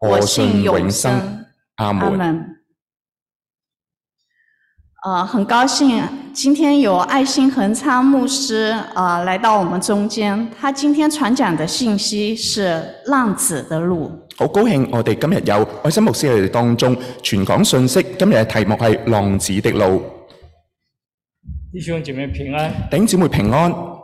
我信永，永生，阿門。呃，很高興今天有愛新恒昌牧師啊、呃、來到我們中間。他今天傳講的信息是浪子的路。好高興，我哋今日有愛新牧師喺我哋當中傳講信息。今日嘅題目係浪子的路。弟兄姊妹平安。頂姊妹平安。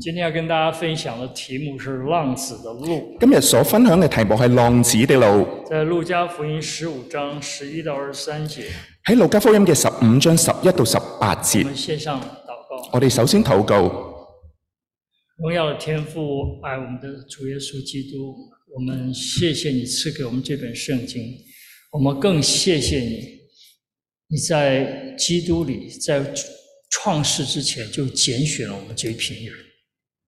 今天要跟大家分享的題目是《浪子的路》。今日所分享的題目是《浪子的路》。在路加福音十五章十一到二十三節。喺路加福音嘅十五章十一到十八節。我們線上禱告。我哋首先禱告。榮耀的天父，愛我們的主耶穌基督，我們謝謝你賜給我們這本聖經，我們更謝謝你，你在基督裏，在創世之前就揀選了我們這一批人。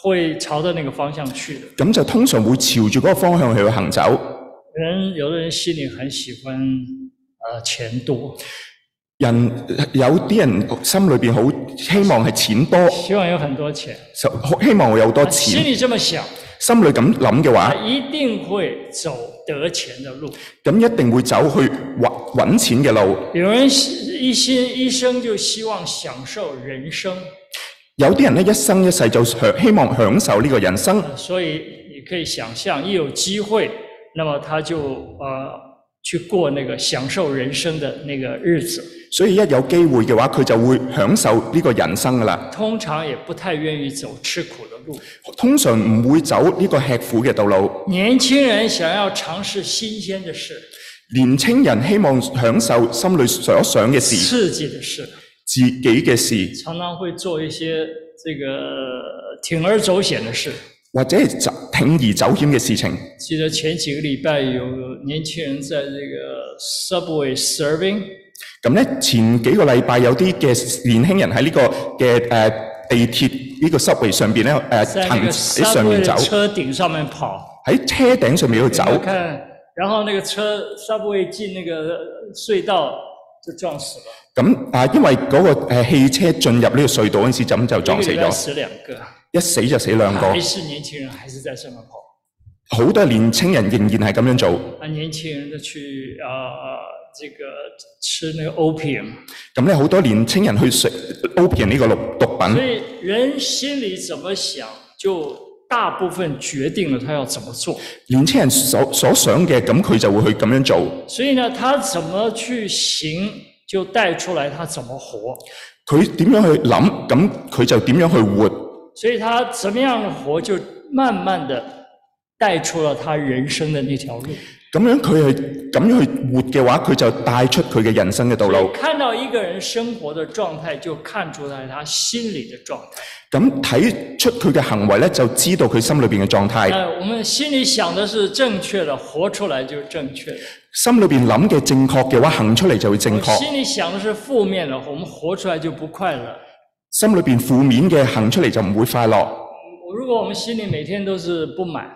會朝着那個方向去的。咁就通常會朝住嗰個方向去行走。人，有的人心裏很喜歡，呃，錢多。人有啲人心裏邊好希望係錢多。希望有很多錢。希望我有好多錢。心裏這麼想，心裏咁諗嘅話，一定會走得錢嘅路。咁一定會走去搵揾錢嘅路。有人一心一生就希望享受人生。有啲人一生一世就享希望享受呢個人生，所以你可以想象，一有機會，那麼他就呃去過那個享受人生的那個日子。所以一有機會嘅話，佢就會享受呢個人生噶啦。通常也不太願意走吃苦的路，通常唔會走呢個吃苦嘅道路。年輕人想要嘗試新鮮嘅事，年輕人希望享受心裏所想嘅事，刺激嘅事。自己嘅事，常常會做一些這個鋌而走險的事，或者係鋌而走險嘅事情。記得前幾個禮拜有年輕人在這個 subway serving。咁咧，前幾個禮拜有啲嘅年輕人喺呢個嘅誒地鐵呢個 subway 上邊咧誒，喺上面走。在 subway 車頂上面跑，喺車頂上面去走看看。然後那個車 subway 進那個隧道。撞死了。咁啊，因為嗰個誒汽車進入呢個隧道嗰陣時，就咁就撞死咗，這個。一死就死兩個。好多年輕人仍然係咁樣做。啊，年輕人都去啊，呃，這個吃那個 opium。咁咧，好多年輕人去食 opium 呢個毒毒品。所以人心裏怎麼想就？大部分決定了他要怎麼做，年輕人所所想嘅，咁佢就會去咁樣做。所以呢，他怎麼去行，就帶出來他怎麼活。佢點樣去諗，咁佢就點樣去活。所以他怎麼樣活，就慢慢地帶出了他人生的那條路。咁樣佢係咁樣去活嘅話，佢就帶出佢嘅人生嘅道路。看到一個人生活的狀態，就看出來他心裏嘅狀態。咁睇出佢嘅行為咧，就知道佢心裏邊嘅狀態。誒，我們心裏想嘅是正確嘅，活出來就正確。心裏邊諗嘅正確嘅話，行出嚟就會正確。我心裏想嘅是負面嘅，我們活出來就不快樂。心裏邊負面嘅，行出嚟就唔會快樂。如果我們心裏每天都是不滿。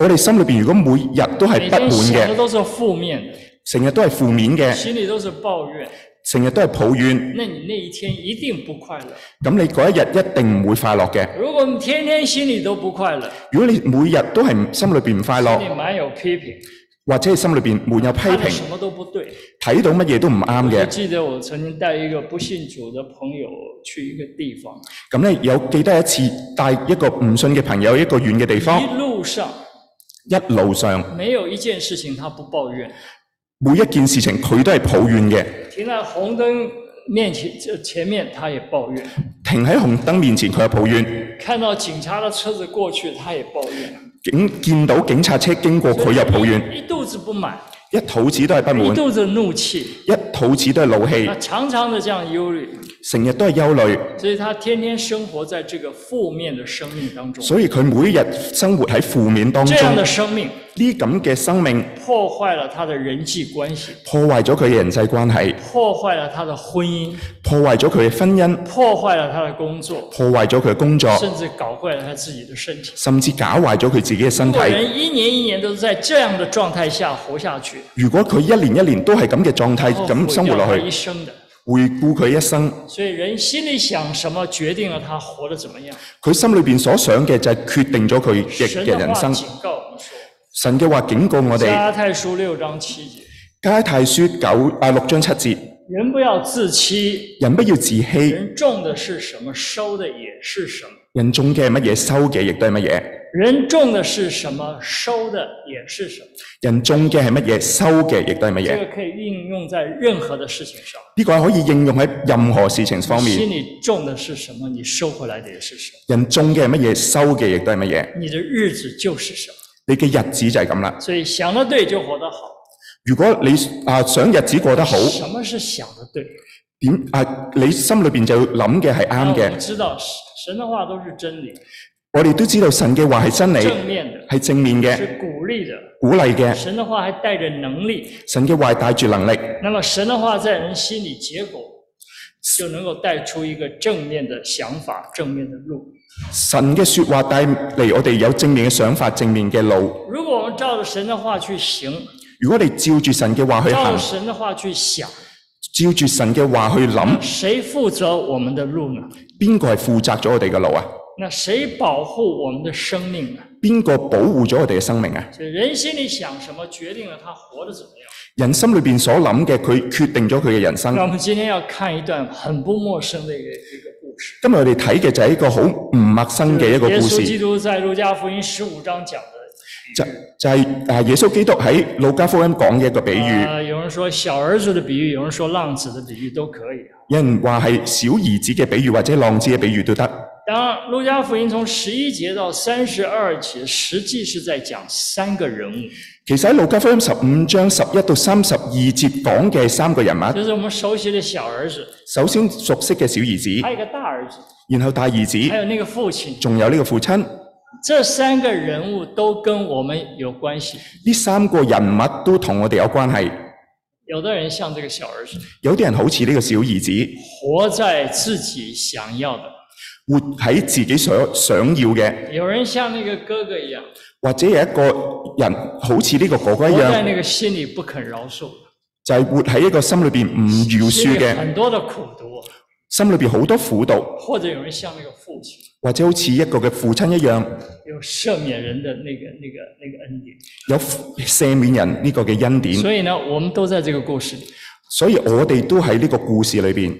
我哋心裏邊如果每日都係不滿嘅，成日都係負面嘅，成日都係抱怨。那你那一天一定不快樂。咁你嗰一日一定唔會快樂嘅。如果你天天心裏都不快樂，如果你每日都係心裏邊唔快樂，或者心裏邊滿有批評，看到什麼都不對，睇到乜嘢都唔啱嘅。記得我曾經帶一個不信主的朋友去一個地方。咁咧有記得一次帶一個唔信嘅朋友去一個遠嘅地方，一路上。一路上，沒有一件事情他不抱怨。每一件事情佢都係抱怨嘅。停在紅燈面前，前面他也抱怨。停喺紅燈面前，佢又抱怨。看到警察的車子過去，他也抱怨。警見到警察車經過，佢又抱怨。就是、一肚子不滿，一肚子都係不滿。一肚子怒氣，一肚子都係怒氣。常常的這樣憂慮。成日都係憂慮，所以他天天生活在這個負面的生命當中。所以佢每一日生活喺負面當中。這樣的生命，呢咁嘅生命，破壞了他的人際關係，破壞咗佢嘅人際關係，破壞了他的婚姻，破壞咗佢嘅婚姻，破壞了他的工作，破壞咗佢嘅工作，甚至搞壞了他自己的身體，甚至搞壞咗佢自己嘅身體。如果人一年一年都是在這樣的狀態下活下去，如果佢一年一年都係咁嘅狀態咁生活落去，他一生回顧佢一生，所以人心裏想什麼，決定了他活得怎麼樣。佢心裏邊所想嘅就係決定咗佢嘅人生。神嘅話警告我哋。加太書六章七節。加太書九啊六章七節。人不要自欺。人不要自欺。人種的是什麼，收的也是什麼。人種嘅係乜嘢，收嘅亦都係乜嘢。人種的是什麼，收的也是什麼。人種嘅係乜嘢，收嘅亦都係乜嘢。這個可以應用在任何的事情上。呢、這個可以應用喺任何事情方面。你心裏種的是什麼，你收回來的也是什麼。人種嘅係乜嘢，收嘅亦都係乜嘢。你的日子就是什麼。你嘅日子就係咁啦。所以想得對就活得好。如果你啊想日子過得好，什麼是想得對？點啊？你心裏邊就諗嘅係啱嘅。我知道神的話都是真理。我哋都知道神嘅話係真理，正面嘅，係正面嘅，係鼓勵嘅，鼓勵嘅。神嘅話還帶着能力，神嘅話係帶住能力。那麼神嘅話在人心裏結果就能夠帶出一個正面嘅想法、正面嘅路。神嘅說話帶嚟我哋有正面嘅想法、正面嘅路。如果我們照着神嘅話去行，如果你照住神嘅話去行，照住神嘅話去想，照住神嘅話去諗，誰負責我們的路呢？邊個係負責咗我哋嘅路啊？那誰保護我們的生命啊？邊個保護咗我哋嘅生命啊？人心裏想什麼，決定了他活得怎麼樣。人心裏邊所諗嘅，佢決定咗佢嘅人生。那我們今天要看一段很不陌生嘅一個故事。今日我哋睇嘅就係一個好唔陌生嘅一個故事。就是、耶穌基督在路加福音十五章講嘅就是、就係、就是、耶穌基督喺路加福音講嘅一個比喻。啊、呃，有人說小兒子的比喻，有人說浪子的比喻，都可、啊、的比喻，的比喻都可以。有人話係小兒子嘅比喻或者浪子嘅比喻都得。當路加福音從十一節到三十二節，實際是在講三個人物。其實喺路加福音十五章十一到三十二節講嘅三個人物，就是我們熟悉的小兒子。首先熟悉嘅小兒子，還有一個大兒子，然後大兒子，還有那個父親，仲有呢個父親，這三個人物都跟我們有關係。呢三個人物都同我哋有關係。有的人像這個小兒子，有的人好似呢個小兒子，活在自己想要的。活喺自己所想，想要嘅，有人像呢個哥哥一樣，或者有一個人好似呢個哥哥一樣，個心裏不肯饒恕，就係、是、活喺一個心裏邊唔饒恕嘅，很多嘅苦毒，心裏邊好多，多苦毒，或者有人像呢個父親，或者好似一個嘅父親一樣，有赦免人的那個、那個、那個恩典，有赦免人呢個嘅恩典，所以呢，我們都在這個故事裏，所以我哋都喺呢個故事裏邊。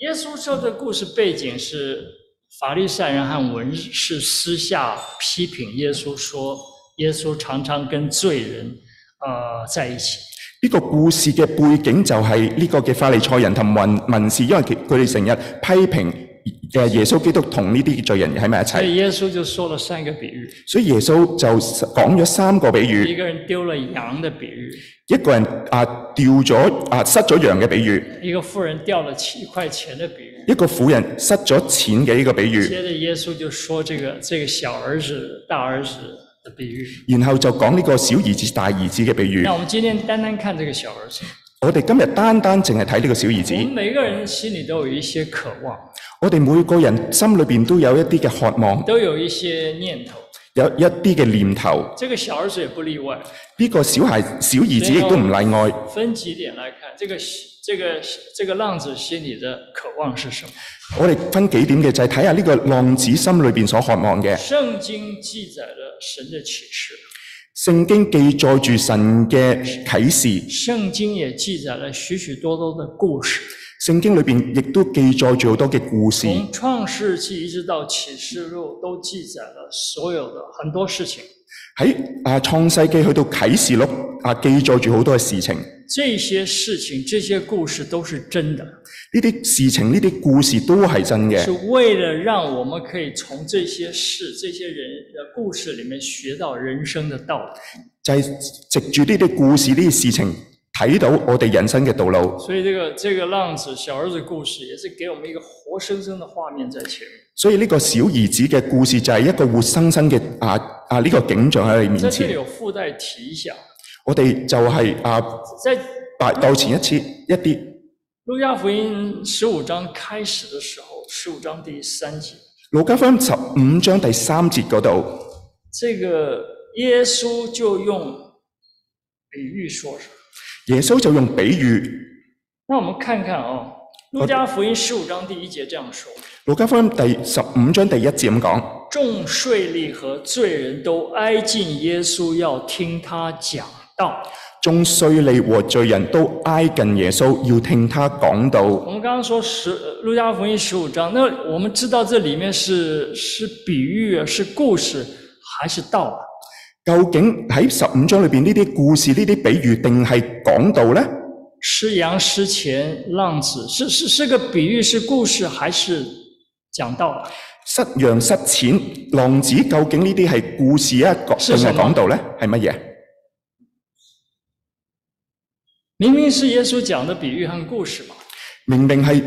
耶穌說嘅故事背景是。法利賽人和文士私下批評耶穌，說耶穌常常跟罪人啊、呃、在一起。呢個故事嘅背景就係呢個嘅法利賽人同文文士，因為佢佢哋成日批評耶穌基督同呢啲罪人喺埋一齊。所以耶穌就說了三個比喻。所以耶穌就講咗三個比喻。一個人丟了羊的比喻。一個人啊掉咗啊失咗羊嘅比喻。一個婦人掉了七塊錢的比喻。一個婦人失咗錢嘅一個比喻，接着耶穌就說，這個這個小兒子、大兒子的比喻，然後就講呢個小兒子、大兒子嘅比喻。那我們今天單單看這個小兒子，我哋今日單單淨係睇呢個小兒子。我們每一個人心裏都有一些渴望，我哋每個人心裏邊都有一啲嘅渴望，都有一些念頭，有一啲嘅念頭。呢、這個小兒子也不例外，呢、這個小孩小兒子亦都唔例外。分幾點來看，這個小。這個這個浪子心裏的渴望是什麼？我哋分幾點嘅就係睇下呢個浪子心裏面所渴望嘅。聖經記載了神的啟示。聖經記載住神嘅啟示。聖經也記載了許許多多的故事。聖經裏面亦都記載住好多嘅故事。從創世紀一直到啟示錄，都記載了所有的很多事情。喺啊，創世記去到啟示錄啊，記載住好多嘅事情。這些事情、這些故事都是真的。呢啲事情、呢啲故事都係真嘅。是為了讓我們可以從這些事、這些人嘅故事裏面，學到人生的道理。就係、是、藉住呢啲故事、呢啲事情，睇到我哋人生嘅道路。所以、這個，呢個這個浪子小兒子故事，也是給我們一個活生生的畫面在前面。所以呢個小兒子嘅故事就係一個活生生嘅啊啊呢、這個景象喺你面前。在這裏有附帶提一下。我哋就係、是、啊，大到前一次一啲。路加福音十五章開始的時候，十五章第三節。路加福音十五章第三節嗰度，這個耶穌就用比喻說。耶穌就用比喻。那我們看看啊、哦，路加福音十五章第一節這樣說。啊路加福音第十五章第一節咁講：眾稅吏和罪人都挨近耶穌，要聽他講道；眾稅吏和罪人都挨近耶穌，要聽他講道。我們剛剛說十路加福音十五章，那我們知道這裏面是是比喻，啊，是故事，還是道，啊？究竟喺十五章裏邊呢啲故事，呢啲比喻，定係講道呢？「失羊失錢浪子，是是是個比喻，是故事，還是，啊？講道，失羊失錢浪子，究竟呢啲係故事啊定係？我講到呢係乜嘢？明明是耶穌講的比喻和故事嘛。明明係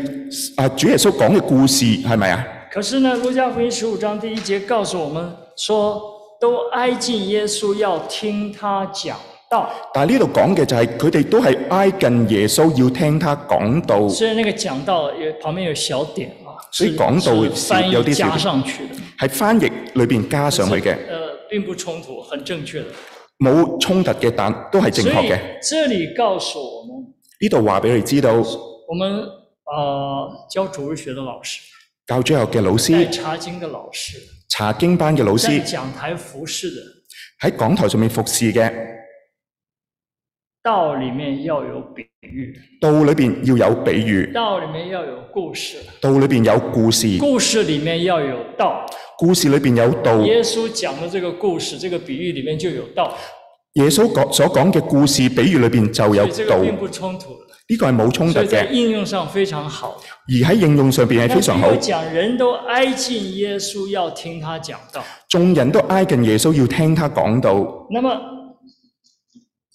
啊，主耶穌講嘅故事係咪啊？可是呢，《路加福音》十五章第一節告訴我們說，都挨近耶穌要聽他講道。但係呢度講嘅就係佢哋都係挨近耶穌要聽他講道。雖然呢個講道旁邊有小點。所以講到是，是有啲嘅，係翻譯裏面加上去嘅、就是。呃，並不衝突，很正確的。冇衝突嘅，但都係正確嘅。這裡告訴我們呢度話俾你知道。我們、呃、教主日學的老師。教中學嘅老師。查經的老師。查經班嘅老師的。在講台服侍的。喺講台上面服侍嘅。道裏面要有道裏邊要有比喻，道裏面要有故事，道裏邊有故事，故事裏面要有道，故事裏面有道。耶穌講嘅這個故事，這個比喻裏面就有道。耶穌講所講嘅故事、比喻裏邊就有道。呢個係冇衝突嘅，並不衝突，應用上非常好，而喺應用上邊係非常好。講人都挨近耶穌，要聽他講道；眾人都挨近耶穌，要聽他講道。那麼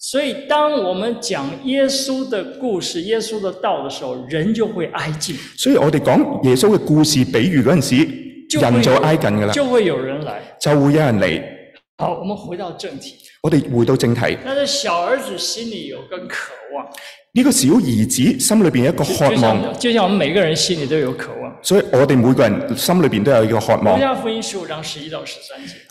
所以當我們講耶穌的故事、耶穌的道的時候，人就會挨近。所以我哋講耶穌嘅故事、比喻嗰陣時候，人就挨近噶啦。就會有人來，就會有人嚟。好，我們回到正題。我哋回到正題。但是小兒子心裏有個渴望。呢、這個小兒子心裏邊一個渴望就就。就像我們每個人心裏都有渴望。所以，我哋每個人心裏邊都有一個渴望。路加，路加福音十五章十一到十三節。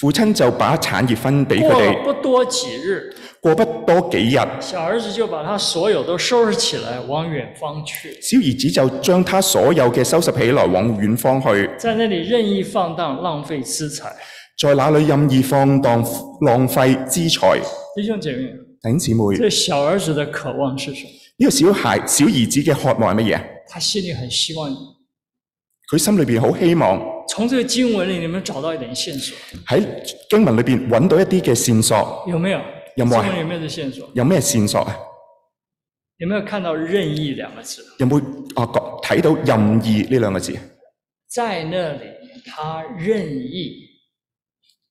父親就把產業分俾佢哋。過不多幾日，過不多幾日，小兒子就把他所有都收拾起來，往遠方去。小兒子就將他所有嘅收拾起來，往遠方去。在那裡任意放蕩浪費資財，在那裡任意放蕩浪費資財。弟兄姐妹，弟兄姊妹，這個小這個小，小兒子的渴望是什麼？呢個小孩小兒子嘅渴望係乜嘢？他心裏很希望你，佢心裏邊好希望。從這個經文裏，你有沒有找到一點線索？喺經文裏面揾到一啲嘅線索。有沒有？有冇，有，有沒有啲、啊、線索？有咩線索？有沒有看到任意兩個字？有冇啊？看到任意這兩個字？在那裏，他任意。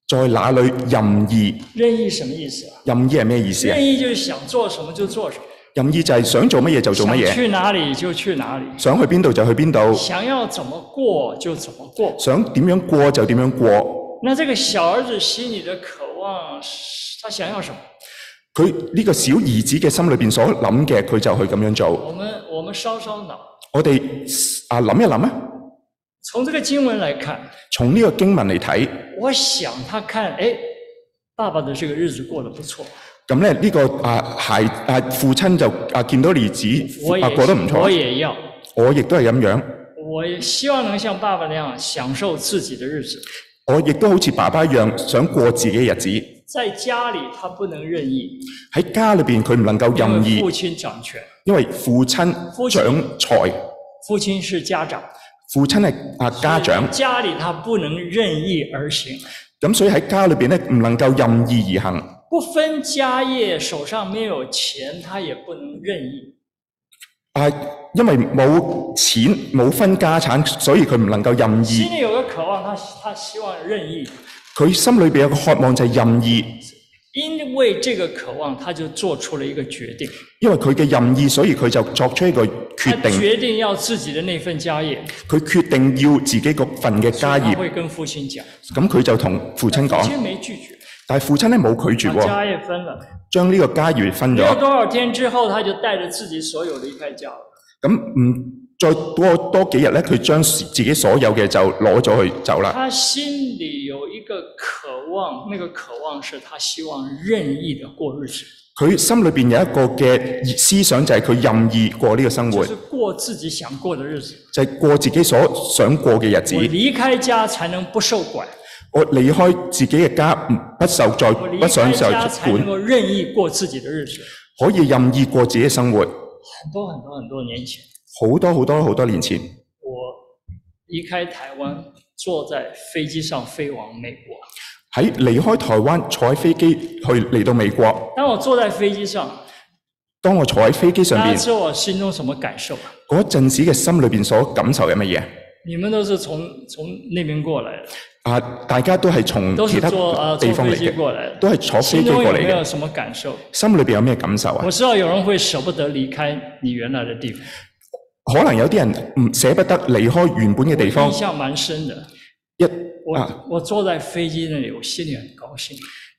在哪裏，裏任意？任意什麼意思啊？任意係咩意思啊？任意就是想做什麼就做什麼。任意就係想做乜嘢就做乜嘢，想去哪裏就去哪裏，想去邊度就去邊度，想要怎麼過就怎麼過，想點樣過就點樣過。那這個小兒子心裏的渴望，他想要什麼？佢呢個小兒子嘅心裏邊所諗嘅，佢就去咁樣做。我們我們稍稍諗，我哋啊諗一諗啊。從這個經文來看，從呢個經文嚟睇，我想他看，誒、哎，爸爸的這個日子過得不錯。咁咧呢個啊孩啊父親就啊見到兒子啊過得唔錯，我也要，我亦都係咁樣。我希望能像爸爸一樣享受自己的日子。我亦都好似爸爸一樣想過自己嘅日子。在家裡他不能任意。喺家裡邊佢唔能夠任意。父親掌權。因為父親，父親掌財。父親是家長。父親係啊家長。家裡他不能任意而行。咁所以喺家裡邊咧唔能夠任意而行。不分家業，手上沒有錢，他也不能任意。啊，因為冇錢冇分家產，所以佢唔能夠任意。心裏有個渴望，他他希望任意。佢心裏邊有個渴望就係任意。因為這個渴望，他就做出了一個決定。因為佢嘅任意，所以佢就作出一個決定。他決定要自己的那份家業。佢決定要自己嗰份嘅家業。他會跟父親講。咁佢就同父親講。啊，父親沒拒絕。但係父親咧冇拒絕喎，將呢個家業分咗。沒多少天之後，他就帶着自己所有離開家。咁再過多幾日咧，佢將自己所有嘅就攞咗去走啦。他心裡有一個渴望，那個渴望是他希望任意的過日子。佢心裏面有一個嘅思想就係佢任意過呢個生活。就是過自己想過的日子。就係過自己所想過嘅日子。我離開家才能不受管。我離開自己嘅家，不受在不想在管。我離開家才能夠任意過自己嘅日子。可以任意過自己嘅生活。很多很多很多年前。好多好多好多年前。我離開台灣，坐在飛機上飛往美國。喺離開台灣，坐喺飛機去嚟到美國。當我坐在飛機上，當我坐喺飛機上邊，你知我心中什麼感受啊？嗰陣時嘅心裏邊所感受係乜嘢？你們都是從從那邊過來的？啊，大家都是從其他地方嚟嘅。都是坐飛機過來嘅。心中有沒有什麼感受？心裡邊有咩感受啊？我知道有人會捨不得離開你原來的地方。可能有啲人唔捨不得離開原本的地方。印象蠻深的我、啊、我坐在飛機嗰度，我心裡很高興。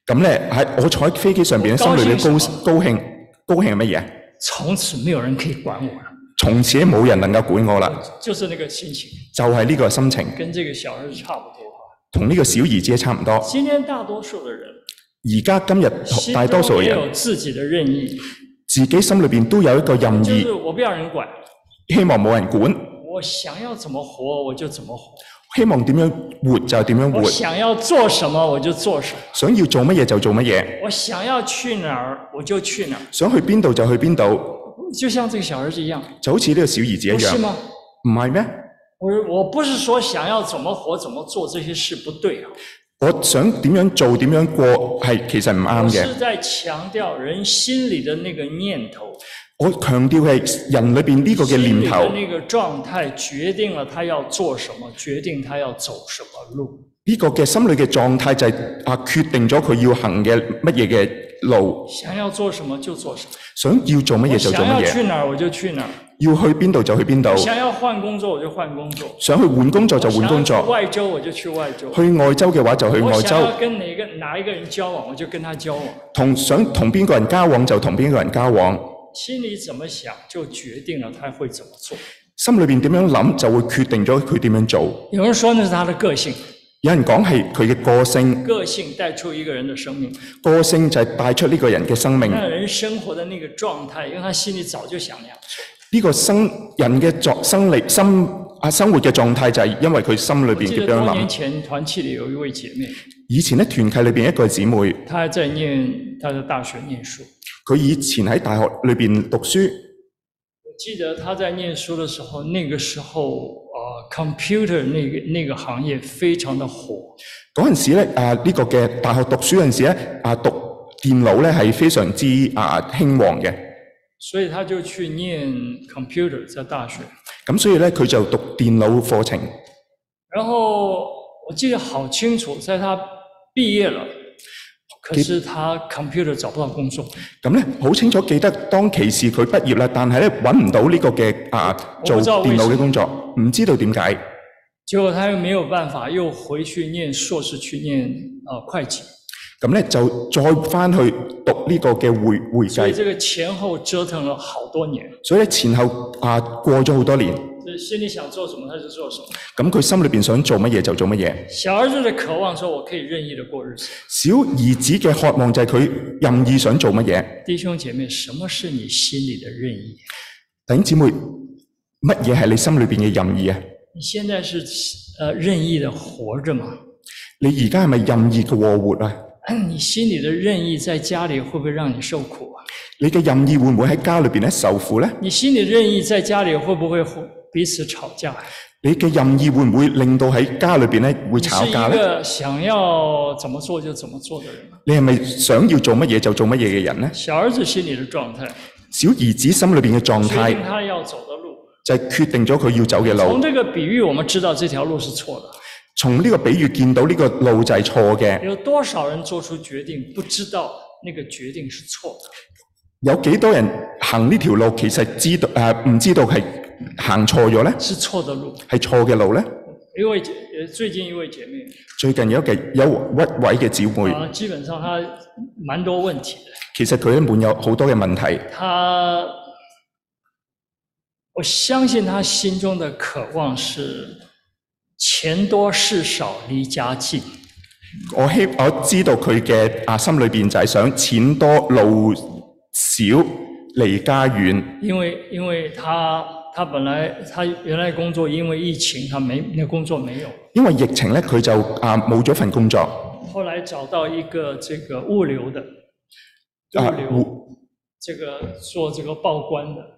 咁、啊、咧，我坐在飛機上邊，心裡面高高興，高興乜嘢？從此沒有人可以管我。從此冇人能夠管我啦。就是呢個心情。就係、是、呢個心情。跟這個小兒子差不多。同呢個小姨姐差唔多。今天大多數的人。而家今日大多數嘅人。都有自己的任意。自己心裏邊都有一個任意。就是、我不要人管。希望冇人管。我想要怎麼活我就怎麼活。希望點樣活就點樣活。想要做什麼我就做什麼。想要做乜嘢就做乜嘢。我想要去哪兒我就去哪兒。想去邊度就去邊度。就像這個小兒子一樣，就好似呢個小兒子一樣，是嗎？唔係咩？我我不是說想要怎麼活、怎麼做這些事不對啊。我想點樣做、點樣過，係其實唔啱嘅。我是在強調人心裏的那個念頭。我強調係人裏邊呢個嘅念頭。心裏的那個狀態決定了他要做什麼，決定他要走什麼路。呢個嘅心裏嘅狀態就係啊，決定咗佢要行嘅乜嘢嘅。路想要做什麼就做什麼，想要做乜嘢就做乜嘢。想要去哪兒我就去哪兒，要去邊度就去邊度。想要換工作我就換工作，想去換工作就換工作。去外州，我就去外州；去外州嘅話就去外州。想要跟哪個哪一個人交往我就跟他交往，同想同邊個人交往就同邊一個人交往。心裏怎麼想就決定了他會怎麼做，心裏邊點樣諗就會決定咗佢點樣做。有人說那是他的個性。有人講係佢嘅個性，個性帶出一個人的生命。個性就係帶出呢個人嘅生命。個人生活的那個狀態，因為他心裏早就想你。呢、這個生人嘅作生理生啊生活嘅狀態就係因為佢心裏邊咁樣諗。記得多年前團契裏有一位姐妹。以前咧團契裏邊一個姊妹。他在念，他在大學念書。佢以前喺大學裏邊讀書。我記得他在念書的時候，那個時候。computer、那個、那個行業非常的火。嗰陣時咧，誒、啊、呢、這個嘅大學讀書嗰陣時咧，啊讀電腦咧係非常之啊興旺嘅。所以他就去念 computer 在大學。咁所以呢，佢就讀電腦課程。然後我記得好清楚，在他畢業了，可是他 computer 找不到工作。咁呢，好清楚記得，當其時佢畢業啦，但係呢揾唔到呢個嘅啊做電腦嘅工作。唔知道點解，結果他又沒有辦法，又回去念碩士，去念啊、呃、會計。咁咧就再翻去讀呢個嘅會會計。所以這個前後折騰咗好多年。所以前後啊過咗好多年。心裏想做什麼，他就做什麼。咁佢心裏邊想做乜嘢就做乜嘢。小兒子嘅渴望，說我可以任意的過日子。小兒子嘅渴望就係佢任意想做乜嘢。弟兄姐妹，什麼是你心裏嘅任意？等姊妹。乜嘢係你心裏邊嘅任意啊？你現在是，呃，任意的活着嘛？你而家係咪任意過活啊？你心裏的任意在家裏會不會讓你受苦啊？你嘅任意會唔會喺家裏邊呢受苦咧？你心裏的任意在家裏會不會彼此吵架？你嘅任意會唔會令到喺家裏邊呢會吵架咧？是一個想要怎麼做就怎麼做嘅人啊。你係咪想要做乜嘢就做乜嘢嘅人呢？小兒子心裏嘅狀態。小兒子心裏邊嘅狀態。就係、是、決定咗佢要走嘅路。從呢個比喻，我們知道這條路是錯嘅。從呢個比喻見到呢個路就係錯嘅。有多少人做出決定，不知道呢個決定是錯嘅。有幾多人行呢條路，其實知道誒唔、呃、知道係行錯咗咧？是錯嘅路，係錯嘅路咧？一位最近一位姐妹。最近有一個有屈位嘅姊妹。基本上他滿多問題的。其實佢一滿有好多嘅問題。他我相信他心中的渴望是錢多事少，離家近。我希我知道佢嘅，啊，心裏邊就係想錢多路少，離家遠。因為因為他他本來他原來工作，因為疫情，他沒那工作沒有。因為疫情咧，佢就啊冇咗份工作。後來找到一個這個物流的物流，這個做這個報關的。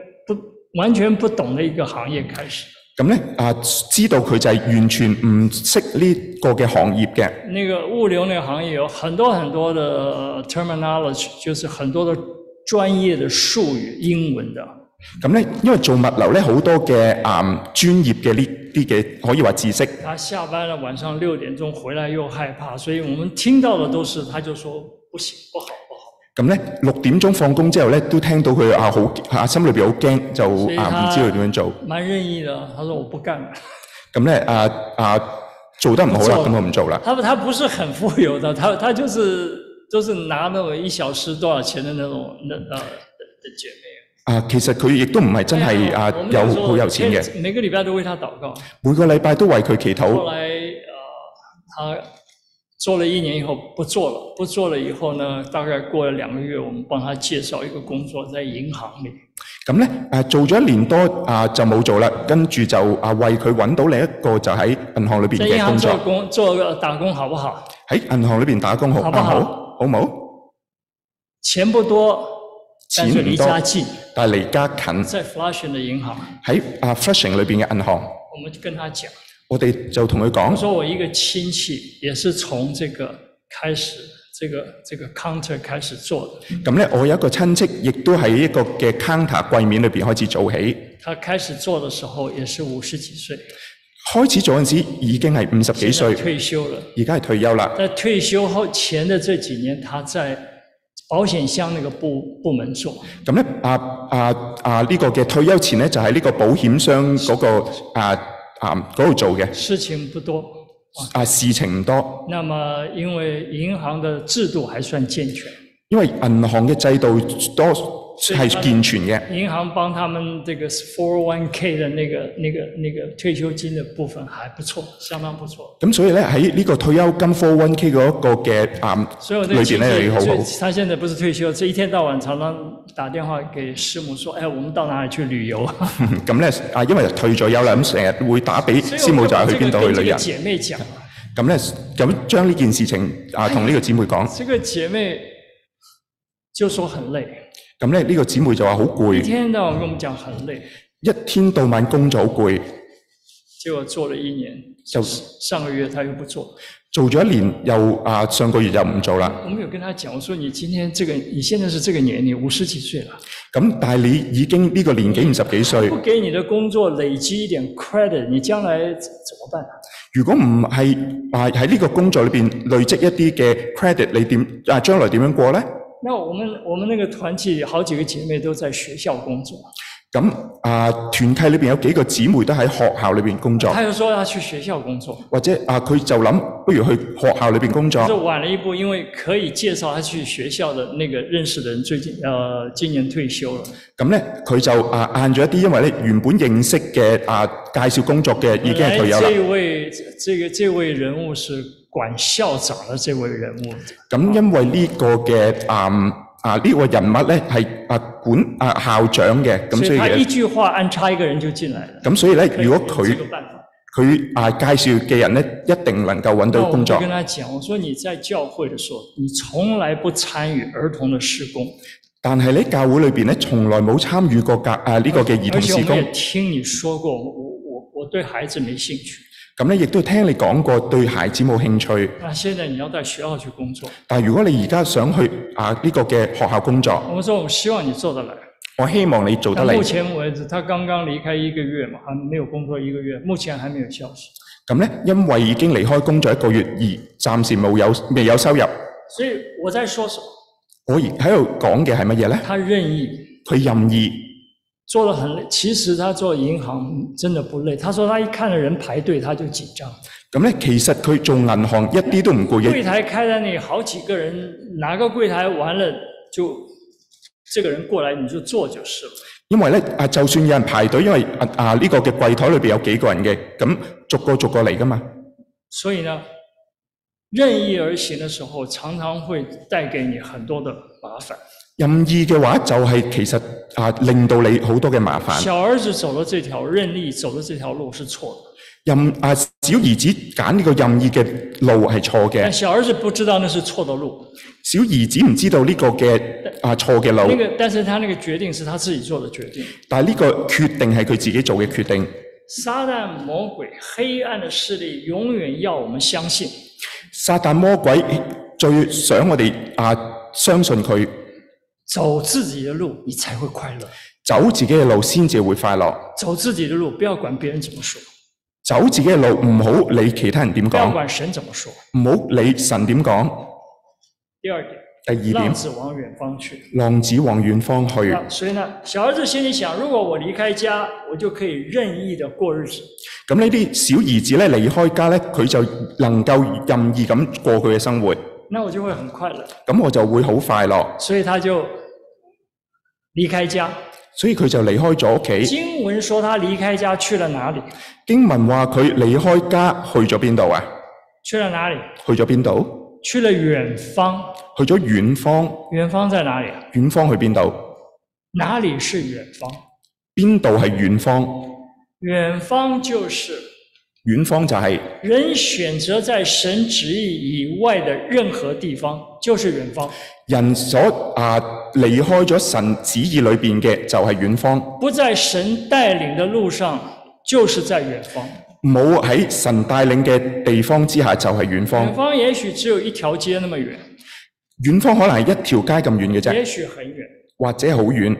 完全不懂的一個行業開始。咁咧啊，知道佢就係完全唔識呢個行業嘅那個物流那個行業，有很多很多的 terminology，就是很多的專業的術語，英文的。咁咧，因為做物流咧，好多嘅啊專業嘅呢啲嘅可以話知識。他下班了，晚上六點鐘回來又害怕，所以我們聽到嘅都是，他就說不行，不好。咁咧六點鐘放工之後咧，都聽到佢啊好嚇，心裏邊好驚，就啊唔知佢點樣做。滿願意的，佢說我不幹。咁咧啊啊，做得唔好啦，咁我唔做啦。他他不是很富有的，他他就是就是拿嗰一小時多少錢嘅。」那種啊姐妹。啊，其實佢亦都唔係真係啊、uh, 有好有錢嘅。每個禮拜都為他禱告。每個禮拜都為佢祈禱。後來、呃、啊，他。做了一年以後不做了，不做了以後呢？大概過了兩個月，我們幫他介紹一個工作，在銀行裏。咁呢，啊做咗一年多啊就冇做了，跟住就啊為佢揾到另一個就喺銀行裏邊嘅工作。銀行做工做打工好不好？喺銀行裏邊打工好唔好，好、啊、好？好唔好？錢不多，但係離家近。但係離家近。在 Flushing 嘅銀行。喺啊、uh, Flushing 裏邊嘅銀行。我們就跟他講。我哋就同佢講。我說我一個親戚也是從這個開始，這個這個 counter 開始做的。咁咧，我有一個親戚，亦都喺一個嘅 counter 櫃面裏面開始做起。他開始做的時候，也是五十幾歲。開始做嗰陣時已經係五十幾歲，退休了，而家係退休啦。喺退休後前的這幾年，他在保險箱那個部部門做。咁咧，啊啊啊！呢個嘅退休前咧，就喺呢個保險箱嗰個啊。啊、嗯！嗰度做嘅事情不多，啊事情唔多。那麼因為銀行的制度還算健全，因為銀行嘅制度多。是健全嘅，銀行幫他們這個 401k 的那個、那個、那個退休金的部分還不錯，相當不錯。咁所以呢，喺呢個退休金 401k 嗰個嘅，啊，條件咧係好好。他現在不是退休，這一天到晚常常打電話給師母說：哎，我們到哪裏去旅遊、啊。 因為退咗休啦，咁成日會打給師母，就去邊度去旅遊。咁咧咁將呢件事情啊，同呢個姐妹講、 啊哎。這個姐妹就說很累。咁咧，呢個姊妹就話好攰。一天到晚跟我們講很累。一天到晚工作好攰。結果做了一年，就上個月他又不做。做咗一年又啊，上個月又唔做啦。我沒有跟他講，我說你今天這個，你現在是這個年齡，你五十幾歲啦。咁但係你已經呢個年紀五十幾歲，不給你的工作累積一點 credit，你將來怎麼辦啊？如果唔係、嗯、啊喺呢個工作裏面累積一啲嘅 credit，你點啊將來點樣過咧？那我們我們那個團體好幾個姐妹都在學校工作。咁啊，團體裏面有幾個姊妹都喺學校裏面工作。佢就說說要去學校工作。或者啊，佢就諗，不如去學校裏面工作。就晚了一步，因為可以介紹他去學校的那個認識的人，最近呃、啊、今年退休了。咁咧，佢就啊晏咗一啲，因為咧原本認識嘅啊介紹工作嘅已經係退休啦。呢位，呢個，呢位人物是。管校長的這位人物，咁、啊、因為呢個嘅誒、嗯、啊呢位、這個、人物咧係啊管啊校長嘅，咁所以，所以他一句話安插一個人就進來，咁所以咧，如果佢佢、這個、啊介紹嘅人咧，一定能夠揾到工作。啊、我跟他講，我說你在教會的時候，你從來不參與兒童的事工。但係喺教會裏邊咧，從來冇參與過格誒呢個嘅兒童事工、啊。而且我聽你說過，我我我對孩子沒興趣。咁咧，亦都聽你講過對孩子冇興趣。啊，現在你要帶學校去工作。但係如果你而家想去啊呢個嘅學校工作，我話我希望你做得嚟。我希望你做得嚟。目前為止，他剛剛離開一個月嘛，啊，沒有工作一個月，目前還沒有消息。咁咧，因為已經離開工作一個月而暫時冇有未有收入，所以我在說，說，在說什麼？我而喺度講嘅係乜嘢咧？他任意，佢任意。做得很累，其實他做銀行真的不累。他說他一看到人排隊，他就緊張。咁咧，其實佢做銀行一啲都唔過癮。櫃台開得你好幾個人，哪個櫃台完了就，這個人過來你就做就是了。因為咧，就算有人排隊，因為啊啊呢個嘅櫃台裏面有幾個人嘅，咁逐個逐個嚟噶嘛。所以呢，任意而行的時候，常常會帶給你很多的麻煩。任意嘅話就係其實啊令到你好多嘅麻煩。小兒子走了這條任意走了這條路是錯的。任啊小兒子揀呢個任意嘅路係錯嘅。但小兒子不知道那是錯的路。小兒子唔知道呢個嘅啊錯嘅路。那個但是他那個決定是他自己做的決定。但係呢個決定係佢自己做嘅決定。撒旦魔鬼黑暗的勢力永遠要我們相信。撒旦魔鬼最想我哋啊相信佢。走自己的路，你才會快樂。走自己嘅路，先至會快樂。走自己的路，不要管別人怎麼說。走自己嘅路，唔好理其他人點講。不要管神怎麼說。唔好理神點講。第二點。第二點。浪子往遠方去。浪子往遠方去。啊，所以呢，小兒子心裏想：如果我離開家，我就可以任意的過日子。咁呢啲小兒子咧離開家咧，佢就能夠任意咁過佢嘅生活。那我就會很快樂。咁我就會好快樂。所以他就。離開家，所以佢就離開咗屋企。經文說他離開家去了哪裏？經文話佢離開家去咗邊度啊？去了哪裏？去咗邊度？去了遠方。去咗遠方。遠方在哪裏啊？遠方去邊度？哪裏是遠方？邊度係遠方？遠方就是，遠方就係、是、人選擇在神旨意以外的任何地方，就是遠方。人所啊。離開咗神旨意裏邊嘅就係遠方，不在神帶領的路上，就是在遠方。冇喺神帶領嘅地方之下就係遠方。遠方也許只有一條街那麼遠，遠方可能係一條街咁遠嘅啫。也許很遠，或者好遠。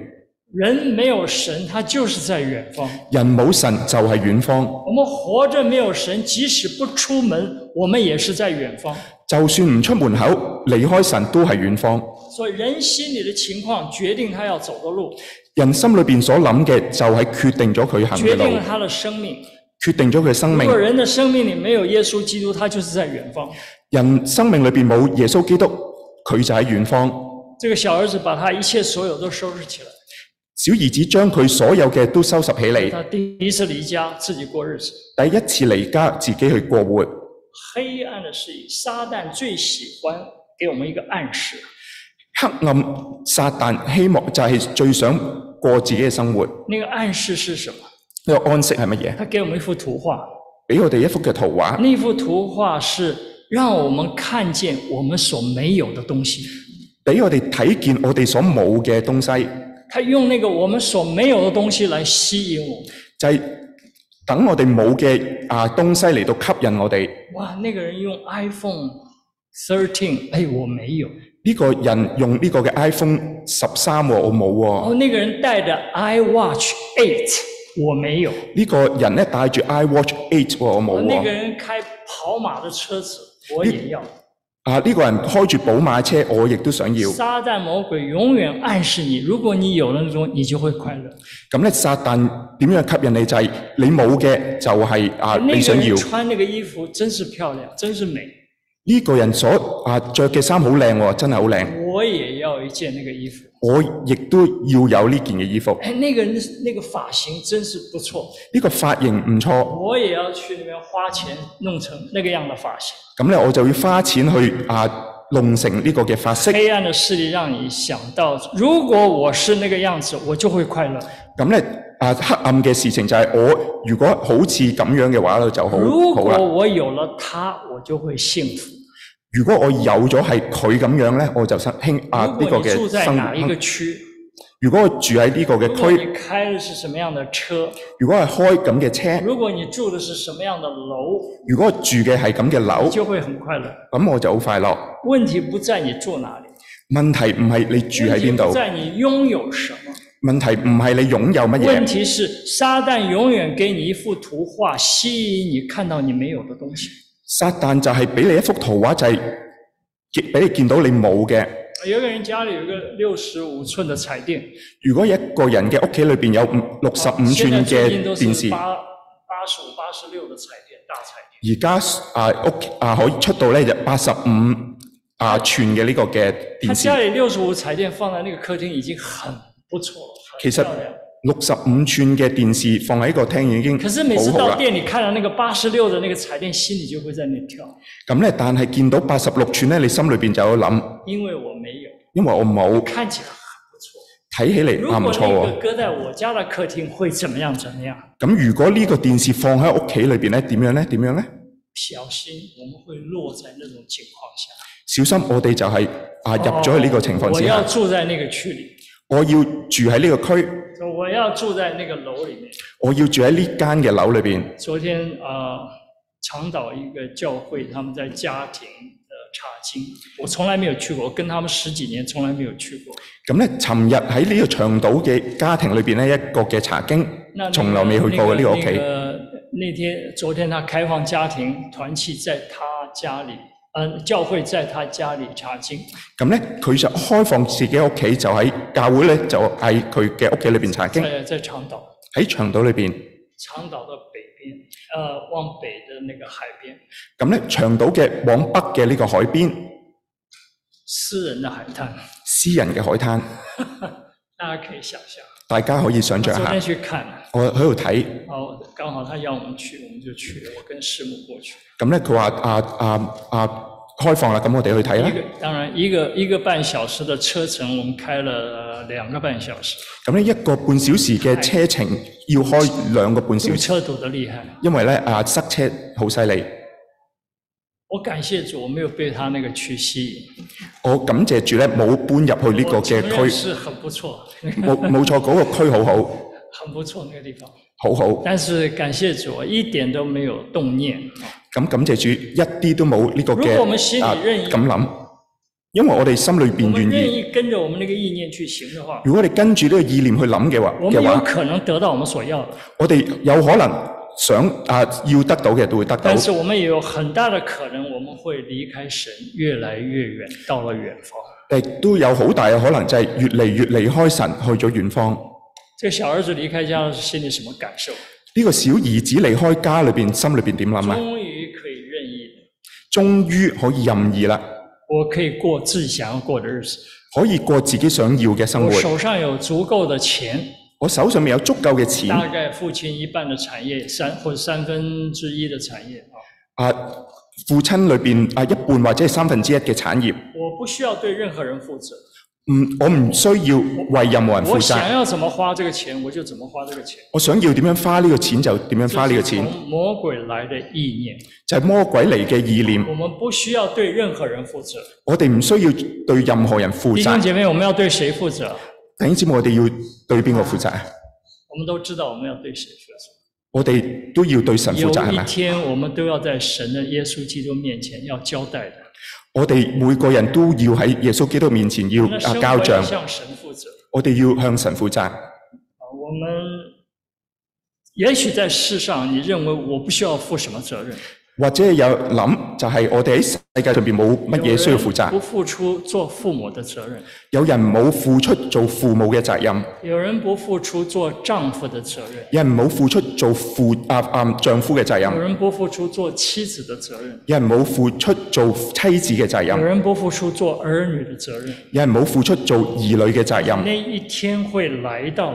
人沒有神，他就是在遠方。人冇神就係遠方。我們活着沒有神，即使不出門，我們也是在遠方。就算唔出門口，離開神都係遠方。所以人心裏的情況決定他要走的路。人心裏邊所諗嘅就係決定咗佢行路。決定了他的生命。決定咗佢嘅生命。如果人的生命裏沒有耶穌基督，他就是在遠方。人生命裏邊冇耶穌基督，佢就喺遠方。這個小兒子把他一切所有都收拾起來。小兒子將佢所有嘅都收拾起嚟。他第一次離家自己過日子。第一次離家自己去過活。黑暗的是撒旦最喜歡。給我們一個暗示，黑暗撒旦希望就係最想過自己嘅生活。呢、那個暗示是什麼？呢、這個暗示係乜嘢？佢給我們一幅圖畫，俾我哋一幅嘅圖畫。那幅圖畫是讓我們看見我們所沒有的東西，俾我哋睇見我哋所冇嘅東西。他用那個我們所沒有嘅東西嚟吸引我，就係、是、等我哋冇嘅啊東西嚟到吸引我哋。哇！那個人用 iPhone。Thirteen，、哎、我沒有。呢、這個人用呢個嘅 iPhone 十三、哦，我冇、哦。哦，那個人戴着 iWatch Eight，我沒有。呢、這個人呢，戴住 iWatch Eight，、哦、我冇、哦。哦，那個人開跑馬的車子，我也要。啊，呢、這個人開住寶馬車，我亦都想要。撒旦魔鬼永遠暗示你，如果你有了那種你就會快樂。咁、嗯、咧，撒旦點樣吸引你就係你冇嘅就係啊，你想要。你穿那個衣服真是漂亮，真是美。呢、這個人所啊着嘅衫好靚，真係好靚。我也要一件那個衣服。我亦都要有呢件嘅衣服。誒、哎，那個人那個髮型真是不錯。呢、這個髮型唔錯。我也要去呢邊花錢弄成那個樣的髮型。咁咧，我就要花錢去啊弄成呢個嘅髮色。黑暗的勢力讓你想到，如果我是那個樣子，我就會快樂。咁咧。啊！黑暗嘅事情就係我，如果好似咁樣嘅話咧，就好好啦。如果我有了他，我就會幸福。如果我有咗係佢咁樣咧，我就生興啊呢個嘅生如果你住在哪一個區？如果我住喺呢個嘅區？如果你開嘅是什麼樣嘅車？如果係開咁嘅車？如果你住嘅是什麼樣嘅樓？如果我住嘅係咁嘅樓，就會很快樂。咁我就好快樂。問題不在你住哪裏。問題唔係你住喺邊度。問題不在你擁有什麼。問題唔係你擁有乜嘢。問題是撒旦永遠給你一幅圖畫，吸引你看到你沒有的東西。撒旦就係俾你一幅圖畫，就係、是、俾你見到你冇嘅。有一個人家裏有一個六十五寸的彩電。如果一個人嘅屋企裏邊有五六十五寸嘅電視。現在最近都是八八十五、八十六的彩電，大彩電。而、啊、家啊屋啊可以出到咧就八十五啊寸嘅呢個嘅電視。他家裏六十五彩電放在那個客廳已經很。不錯，其實六十五寸嘅電視放喺個廳已經好好啦。可是每次到店裏看到那個八十六的那個彩電，心裏就會在那跳。咁咧，但係見到八十六寸咧，你心裏邊就有諗。因為我沒有，因為我冇。看起來很不錯，睇起嚟啊唔錯。如果那個擱在我家的客廳會怎麼樣，怎麼樣？怎麼樣？咁如果呢個電視放喺屋企裏邊咧，點樣咧？點樣咧？小心，我們會落在那種情況下。小心，我哋就係啊入咗去呢個情況下。我要住在那個區裏。我要住喺呢個區。我要住喺呢個樓裏面。我要住喺呢間嘅樓裏邊。昨天啊、呃，長島一個教會，他們在家庭的查經，我從來沒有去過，我跟他們十幾年從來沒有去過。咁咧，尋日喺呢個長島嘅家庭裏邊咧，一個嘅查經那、那個，從來未去過嘅呢個屋企、那個那個那個。那天，昨天他開放家庭團契，在他家裏。教會在他家裏查經。咁咧，佢就開放自己屋企，就喺教會咧，就喺佢嘅屋企裏邊查經。在在長島。喺長島裏邊。長島的北邊，呃，往北的那個海邊。咁咧，長島嘅往北嘅呢個海邊。私人的海灘。私人嘅海灘。 大家可以想象。大家可以想像一下，我喺度睇。哦，剛好他要我們去，我們就去。我跟師母過去。咁咧，佢話啊啊啊開放啦，咁我哋去睇啦。當然，一個一個，一個半小時的車程，我們開了兩個半小時。咁咧，一個半小時嘅車程要開兩個半小時。車堵得厲害。因為呢，啊，塞車好犀利。我感謝主，我沒有被他那個區吸引。我感謝主咧，冇搬入去呢個嘅區。是很不錯。冇 冇錯，嗰、那個區好好。很不錯，那個地方。好好。但是感謝主，一點都沒有動念。咁感謝主一點，一啲都冇呢個嘅啊。咁諗，因為我哋心裏邊願意。願意跟着我們那個意念去行的話，如果我哋跟住呢個意念去諗嘅話，我哋。有可能得到我們所要的。我哋有可能。想啊，要得到嘅都會得到。但是我們也有很大的可能，我們會離開神越來越遠，到了遠方。亦都有好大嘅可能，就是越嚟越離開神，去咗遠方。這個小兒子離開家，心裏什麼感受？呢個小兒子離開家裏邊，心裏邊點諗啊？終於可以任意，終於可以任意了。我可以過自己想要過嘅日子，可以過自己想要嘅生活。我手上有足夠的錢。我手上面有足夠嘅錢，大概父親一半嘅產業，三或者三分之一的產業。啊，父親裏邊啊，一半或者三分之一嘅產業，我不需要對任何人負責，嗯、我唔需要為任何人負責我。我想要怎麼花這個錢，我就怎麼花這個錢。我想要點樣花呢個錢，就點樣花呢個錢。就是、從魔鬼來的意念，就係、魔鬼嚟嘅意念。我們不需要對任何人負責，我哋唔需要對任何人負責。弟兄姐妹，我們要對誰負責？等於我哋要對邊個負責？我們都知道我們要對神負責。我哋都要對神負責。有一天我們都要在神的耶穌基督面前要交代的。我哋每個人都要喺耶穌基督面前要，啊，交賬。我哋要向神負責。我們也許在世上，你認為我不需要負什麼責任。或者有諗就係我哋喺世界上面冇乜嘢需要負責。不付出做父母的責任。有人冇付出做父母嘅責任。有人不付出做丈夫的責任。有人冇付出做父啊啊、嗯、丈夫嘅責任。有人不付出做妻子的責任。有人冇付出做妻子嘅責任。有人不付出做兒女的責任。有人冇付出做兒女嘅責任。那一天會來到。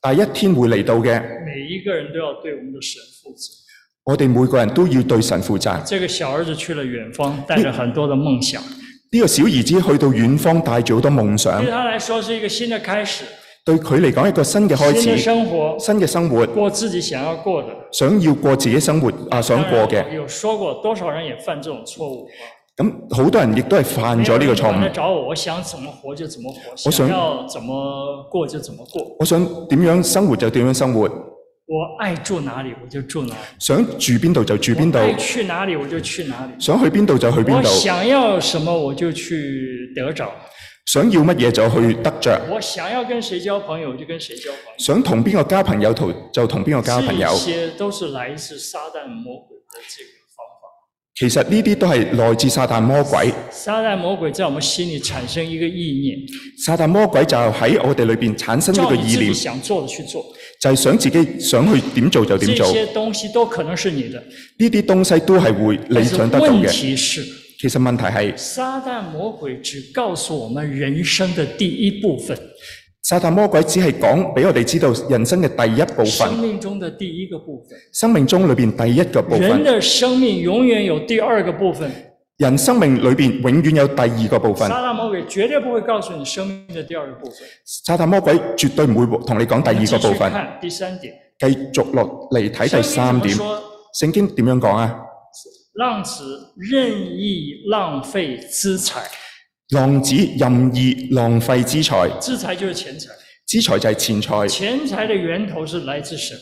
但一天會嚟到嘅。每一個人都要對我們的神負責。我哋每個人都要對神負責。這個小兒子去了遠方，帶着很多的夢想。呢、這個小兒子去到遠方，帶着好多夢想。對他來說是一個新的開始。對佢嚟講一個新嘅開始。新的生活，新嘅生活，過自己想要過嘅。想要過自己生活啊，想過嘅。有說過，多少人也犯這種錯誤。咁好多人亦都係犯咗呢個錯誤。你、哎、來、哎、找我，我想怎麼活就怎麼活，我想，想要怎麼過就怎麼過。我想點樣生活就點樣生活。我愛住哪裏我就住哪裏，想住邊度就住邊度。愛去哪裏我就去哪裏，想去邊度就去邊度。我想要什麼我就去得着，想要乜嘢就去得着。我想要跟誰交朋友就跟誰交朋友，想同邊個交朋友同就同邊個交朋友。這些都是來自撒旦魔鬼的這個方法。其實呢啲都係來自撒旦魔鬼。撒,撒旦魔鬼在我們心裏產生一個意念。撒旦魔鬼就喺我哋裏面產生一個意念。你自己想做的去做。就係、是、想自己想去點做就點做。這些東西都可能是你的。呢啲東西都係會理想得到嘅。其實問題是，其實問題係。撒旦魔鬼只告訴我們人生的第一部分。撒旦魔鬼只係講俾我哋知道人生嘅第一部分。生命中的第一個部分。生命中裏面第一個部分。人的生命永遠有第二個部分。人生命裏邊永遠有第二個部分。撒旦魔鬼絕對不會告訴你生命的第二個部分。撒旦魔鬼絕對唔會同你講第二個部分。繼續看第三點。繼續落嚟睇第三點。聖經點樣講啊？浪子任意浪費資財。浪子任意浪費資財。資財就是錢財。資財就係錢財。錢財的源頭是來自神。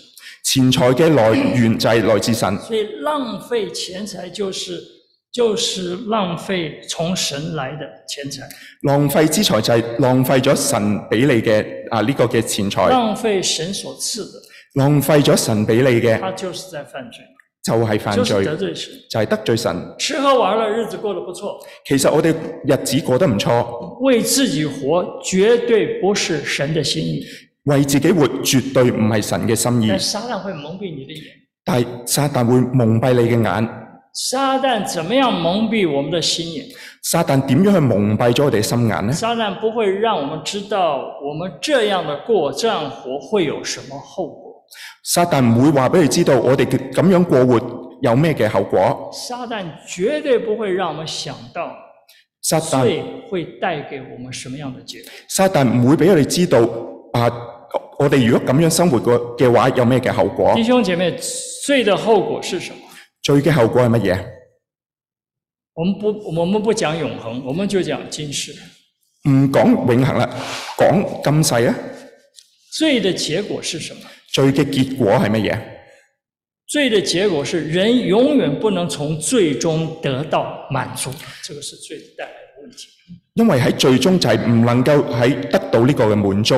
錢財嘅來源就係來自神。所以浪費錢財就是。就是浪費從神來的錢財，浪費之財就係浪費咗神俾你嘅啊，呢、這個嘅錢財，浪費神所賜的，浪費咗神俾你嘅，他就是在犯罪，就係、是、犯罪，就是得罪就是、得罪神，就係得罪神。吃喝玩樂，日子過得不錯。其實我哋日子過得唔錯，為自己活絕對不是神的心意，為自己活絕對唔係神嘅心意。但撒旦會蒙蔽你的眼，但係撒旦會蒙蔽你嘅眼。撒旦怎麼樣蒙蔽我們的心眼？撒旦點樣去蒙蔽咗我哋心眼呢？撒旦不會讓我們知道，我們這樣的過這樣活會有什麼後果？撒旦唔會話俾你知道，我哋咁樣過活有咩嘅後果？撒旦絕對不會讓我們想到，撒旦會帶給我們什麼樣的結果？撒旦唔會俾我哋知道，啊，我哋如果咁樣生活過嘅話，有咩嘅後果？弟兄姐妹，罪的後果是什麼？罪的後果是什麼？我們不我們不講永恒，我們就講今世。不講永恒了，講今世啊。罪的結果是什麼？罪的結果是什麼？罪的結果是人永遠不能從最終得到滿足，這個是最大的問題。因為在最終就是不能夠在得到這個的滿足。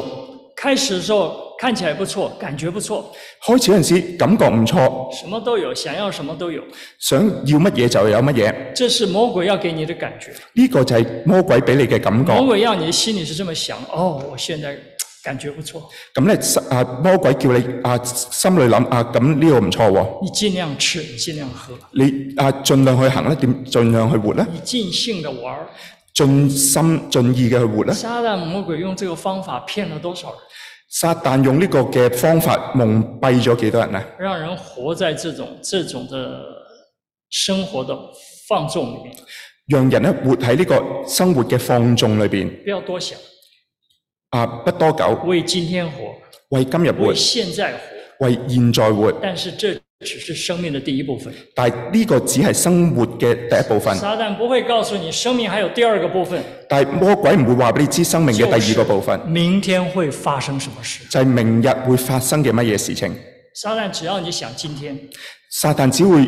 開始嘅時候。看起來不錯，感覺不錯。開始嗰陣時感覺唔錯，什麼都有，想要什麼都有，想要乜嘢就有乜嘢。這是魔鬼要給你的感覺。呢個就係魔鬼畀你嘅感覺。魔鬼要你心裏是這麼想：哦，我現在感覺不錯。咁咧，啊，魔鬼叫你啊，心裏諗啊，咁呢個唔錯，哦。你盡量吃，盡量喝。你啊，盡量去行咧，點盡量去活咧？你盡興的玩，盡心盡意的去活咧？撒旦魔鬼，用這個方法騙了多少人？撒旦用呢個嘅方法蒙蔽咗幾多人咧？讓人活在這種這種的生活的放縱裏邊，讓人咧活喺呢個生活嘅放縱裏邊。不要多想，啊，不多久。為今天活，為今日活，活，活，為現在活，為現在活。但是這只是生命的第一部分，但係呢個只係生活嘅第一部分。撒旦不會告訴你生命還有第二個部分，但係魔鬼唔會話俾你知生命嘅第二個部分。就是、明天會發生什麼事？就係、是、明日會發生嘅乜嘢事情？撒旦只要你想今天，撒旦只會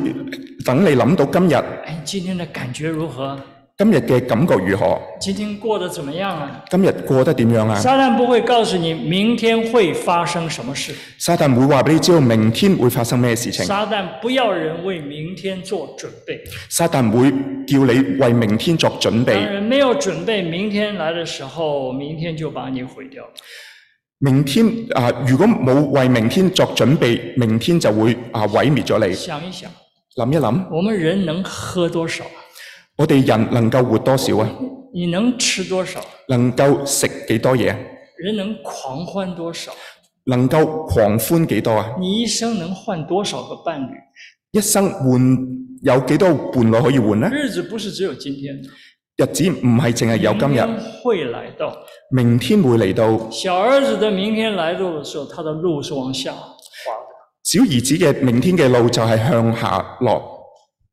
等你諗到今日。哎，今天的感覺如何？今日嘅感覺如何？今天過得怎麼樣啊？今日過得點樣啊？撒旦不會告訴你明天會發生什麼事。撒旦唔會話俾你知，明天會發生咩事情？撒旦不要人為明天做準備。撒旦唔會叫你為明天做準備。當人沒有準備，明天來的時候，明天就把你毀掉。明天啊，如果冇為明天做準備，明天就會啊毀滅咗你。想一想，諗一諗，我們人能喝多少？我哋人能夠活多少啊？你能吃多少？能夠食幾多嘢啊？人能狂歡多少？能夠狂歡幾多啊？你一生能換多少個伴侶？一生換有幾多伴侶可以換呢？日子不是只有今天。日子唔係淨係有今日。明天會來到。明天會嚟到。小兒子的明天來到的時候，他的路是往下滑的。小兒子嘅明天嘅路就係向下落。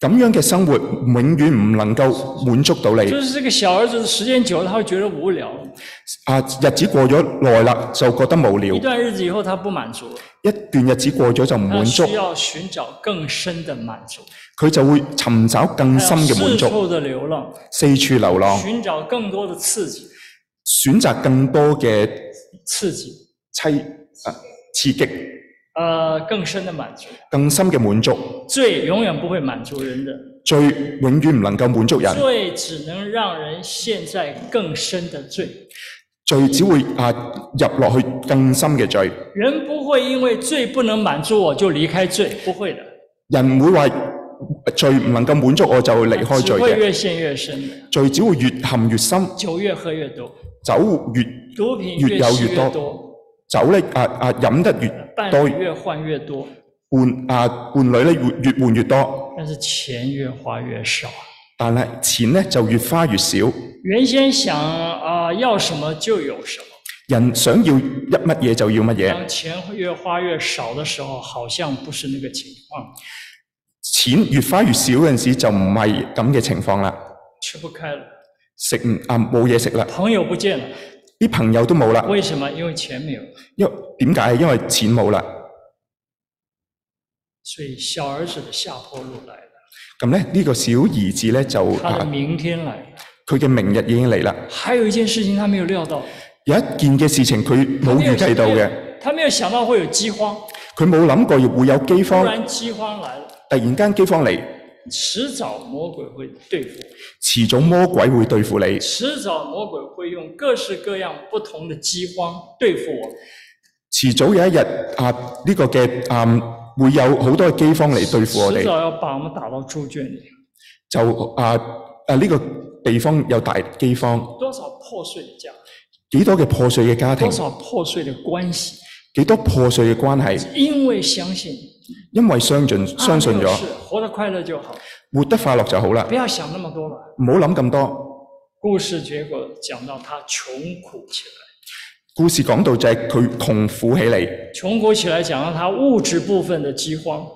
咁樣嘅生活永遠唔能夠滿足到你。就是這個小兒子時間久了，他會覺得無聊。啊，日子過咗耐啦，就覺得無聊。一段日子以後，他不滿足。一段日子過咗就唔滿足。他需要尋找更深的滿足。佢就會尋找更深嘅滿足。四處的流浪。四處流浪。尋找更多的刺激。選擇更多嘅刺激，刺激啊，刺激。呃，更深的滿足，更深嘅滿足，罪永遠不會滿足人嘅，罪永遠唔能夠滿足人，罪只能讓人陷在更深的罪，罪只會啊入落去更深嘅罪，人不會因為罪不能滿足我就離開罪，不會嘅，人唔會話罪唔能夠滿足我就會離開罪嘅，會越陷越深，罪只會越陷越深，酒越喝越多，酒越毒品越有越多。酒咧啊啊飲得越多，伴越換越多，伴啊伴侶咧越越換越多，但是錢越花越少。但係錢咧就越花越少。原先想啊要什麼就有什麼，人想要一乜嘢就要乜嘢。當錢越花越少嘅時候，好像不是那個情況。錢越花越少嗰陣時就唔係咁嘅情況啦。吃不開了，食唔啊冇嘢食啦。朋友不見了啲朋友都冇啦。為什麼？因為錢冇。因為點解？因為錢冇啦。所以小兒子的下坡路來了。咁咧，呢、這個小兒子咧就他的明天來了。佢嘅明日已經嚟啦。還有一件事情他沒有料到，有一件嘅事情佢冇預計到嘅。他沒有想到會有飢荒。佢冇諗過會會有飢荒。突然飢荒來了。突然間飢荒嚟。遲早魔鬼會對付，遲早魔鬼會對付你。遲早魔鬼會用各式各樣不同的飢荒對付我。遲早有一日啊，呢個嘅啊會有好多嘅飢荒嚟對付我哋。遲早要把我們打到豬圈裏。就啊啊呢個地方有大飢荒。多少破碎嘅家，幾多嘅破碎嘅家庭？多少破碎的關係？幾多破碎嘅關係？關係因為相信。因為相信、啊、相信咗，活得快樂就好，活得快樂就好啦。不要想那麼多啦，唔好諗咁多。故事結果講到他窮苦起來，故事講到就係佢窮苦起嚟，窮苦起來講到他物質部分嘅饑荒，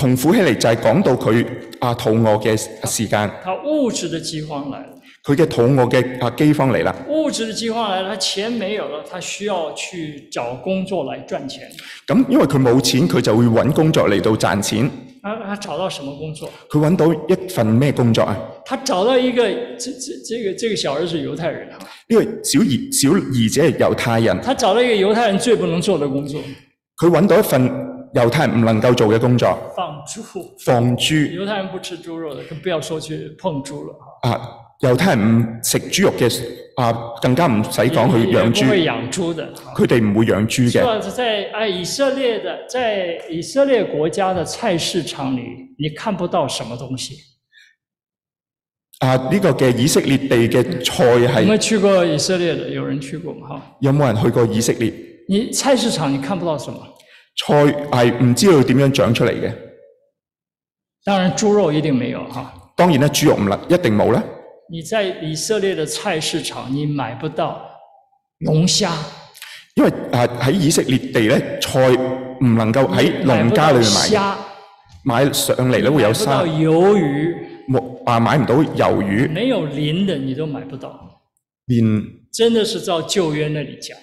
窮苦起嚟就係講到佢啊，啊肚餓嘅時間，他，他物質嘅饑荒嚟。佢嘅肚餓嘅啊饑荒嚟啦！物質嘅饑荒嚟啦！佢錢沒有啦，他需要去找工作嚟賺錢。咁因為佢冇錢，佢就會揾工作嚟到賺錢。啊啊！他找到什麼工作？佢揾到一份咩工作啊？他找到一個這這這個這個小兒子是猶太人啊！呢個小兒小兒子係猶太人。他找到一個猶太人最不能做嘅工作。佢揾到一份猶太人唔能夠做嘅工作。放豬。放豬。猶太人不吃豬肉嘅，更不要說去碰豬了。啊！猶太人唔食豬肉嘅、啊、更加唔使講去養豬。佢哋唔會養豬嘅。喎，即係喺以色列嘅，在以色列國家嘅菜市場裏，你看不到什麼東西。啊，呢、這個嘅以色列地嘅菜係有冇去過以色列的？有人去過嘛？有沒有人去過以色列？你菜市場你看不到什麼？菜係唔、哎、知道點樣長出嚟嘅。當然，豬肉一定沒有嚇。當然豬肉唔啦，一定冇咧。你在以色列的菜市場，你買不到龍蝦，因為啊喺以色列地咧，菜唔能夠喺農家裏邊買蝦，買上嚟咧會有沙。買唔到魷魚，啊！買唔到魷魚，沒有鱗的你都買不到，連真的是照舊約那裏講，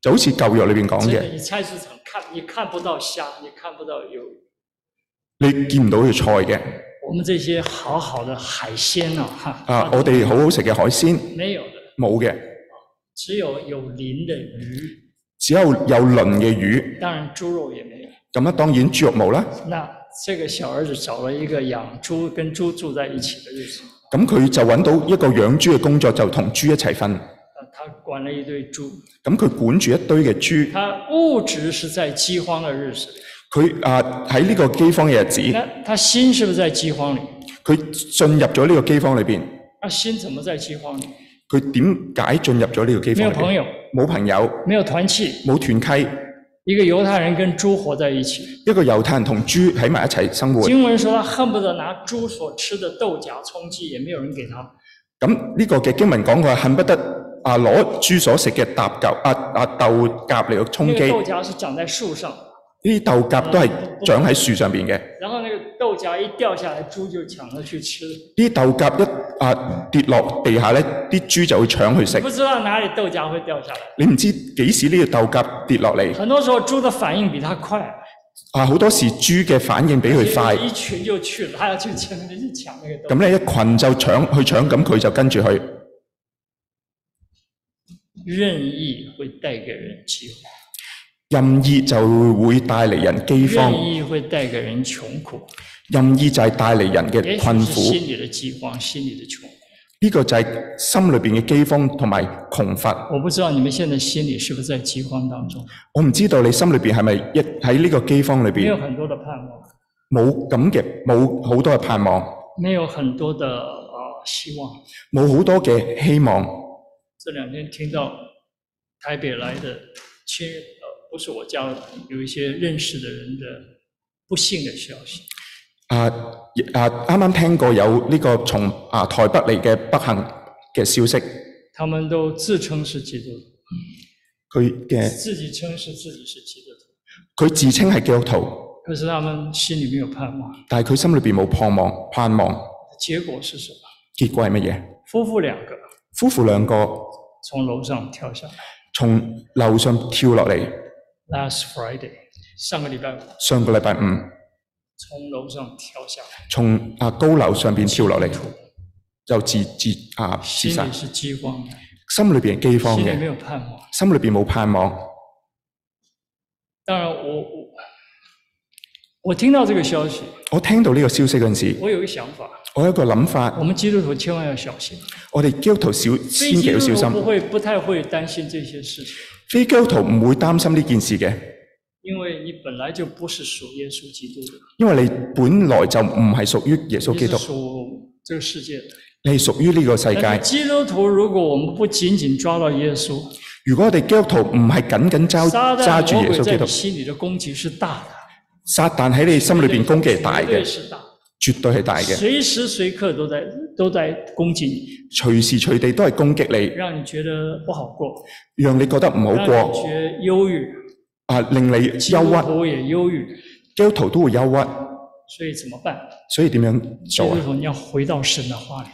就好似舊約裏邊講嘅，就是，你菜市場看你看不到蝦，你看不到魷魚，你見唔到佢菜嘅。我們這些好好的海鮮啊！啊，啊我哋好好食嘅海鮮，沒有的，沒有的冇嘅，只有有鱗的魚，只有有鱗嘅魚。當然豬肉也沒有。咁啊，當然豬肉冇啦。那這個小兒子找了一個養豬跟豬住在一起的日子。咁佢就揾到一個養豬嘅工作，就同豬一齊瞓。啊，他管了一堆豬。咁佢管住一堆嘅豬。他物質是在饑荒的日子。佢啊喺呢個饑荒嘅日子，那他心是不是在飢荒裏？佢進入咗呢個饑荒裏邊。啊，心怎麼在饑荒裏？佢點解進入咗呢個饑荒裏？沒有朋友，冇朋友，沒有團契，冇團契。一個猶太人跟豬活在一起。一個猶太人同豬喺埋一齊生活。經文說：他恨不得拿豬所吃的豆莢充飢，也沒有人給他。咁呢個嘅經文講佢恨不得啊攞豬所食嘅豆夾啊啊豆莢嚟去充飢。那個，豆莢是長在樹上。呢啲豆莢都係長喺樹上邊嘅、嗯。然後呢個豆莢一掉下來，豬就搶咗去吃。啲豆莢一啊跌落地下咧，啲豬就會搶去食。你不知道哪裡豆莢會掉下來。你唔知幾時呢個豆莢跌落嚟。很多時候豬的反應比他快。啊，好多時豬嘅反應比佢快。一群就群，一下子全部都搶呢個豆。咁咧一群就搶去搶，咁佢就跟住去。任意會帶給人機會。任意就會帶嚟人饑荒，任意會帶給人窮苦。任意就係帶嚟人嘅困苦。心裏的饑荒，心裏的窮。呢、這個就係心裏邊嘅饑荒同埋窮乏。我不知道你們現在心裏是不是在饑荒當中？我唔知道你心裏邊係咪一喺呢個饑荒裏邊。沒有很多的盼望。冇咁嘅，冇好多嘅盼望。沒有很多的希望。冇好多嘅希望。這兩天聽到台北來的親。都是我交有一些認識的人的不幸的消息。啊啊，啱啱聽過有呢個從啊台北嚟嘅不幸嘅消息。他們都自稱是基督徒。佢嘅自己稱是自己是基督徒。佢自稱係基督徒。可是他們心裏沒有盼望。但係佢心裏邊冇盼，盼望，盼望。結果是什麼？結果係乜嘢？夫婦兩個。夫婦兩個從樓上跳下來。從樓上跳落嚟。Last Friday，上個禮拜五。上個禮拜五，從樓上跳下來。從啊高樓上邊跳落嚟，就自自啊自殺。心裏是饑荒嘅。心裏邊饑荒嘅。心裏沒有盼望。心裏邊冇盼望。當然我我我聽到這個消息。我，我聽到呢個消息嗰陣時。我有一個想法。我有一個諗法。我們基督徒千萬要小心。我哋基督徒小，千祈要小心。基督徒不會不太會擔心這些事情。非基督徒唔會擔心呢件事嘅，因為你本來就不是屬耶穌基督嘅，因為你本來就唔係屬於耶穌基督，你係屬於這個世界。世界，基督徒，如果我們不僅僅抓到耶穌，如果我哋基督徒唔係緊緊抓，抓住耶穌基督，的的撒旦在你心裏的攻擊是大嘅，撒旦喺你心裏邊攻擊係大嘅。絕對是大的，隨時隨刻都在都在攻擊你，隨時隨地都係攻擊你，讓你覺得不好過，讓你覺得不好過，讓你覺得憂鬱，啊，令你憂鬱，我也憂鬱基督徒都會憂鬱，所以怎麼辦？所以怎點樣做？基督徒你要回到神的話裏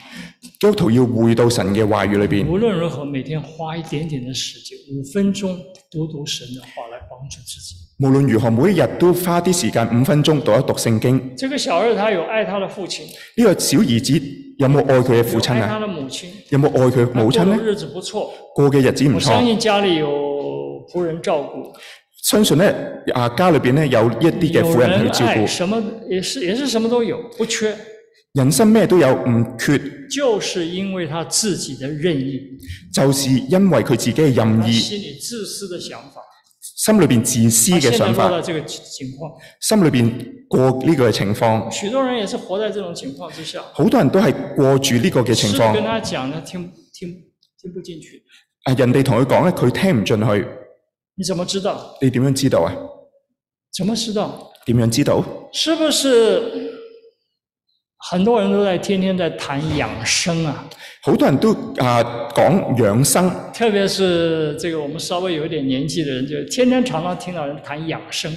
基督徒要回到神的話語裏邊。無論如何，每天花一點點的時間，五分鐘讀讀神的話，來幫助自己。無論如何，每一日都花啲時間，五分鐘讀一讀聖經。這個小兒子他有愛他的父親。呢個小兒子有冇愛佢嘅父親啊？愛他的母親。有冇愛佢母親呢？他的日子呢？過嘅日子唔錯。我相信家裏有僕人照顧。相信咧，啊，家裏邊咧有一啲嘅僕人去照顧。有人愛，什麼也是也是什麼都有，不缺。人生咩都有，唔缺。就是因為他自己的任意。就是因為佢自己嘅任意。心裏自私的想法。心裏邊自私嘅想法。心裏邊過呢個情況。許多人也是活在這種情況之下。好多人都係過住呢個嘅情況。是跟大家講咧，聽聽聽不進去。人哋同佢講咧，佢聽唔進去。你怎麼知道？你點樣知道啊？怎麼知道？點樣知道？是不是很多人都在天天在談養生啊？好多人都啊講養生，特別是這個我們稍微有點年紀的人，就天天常常聽到人談養生。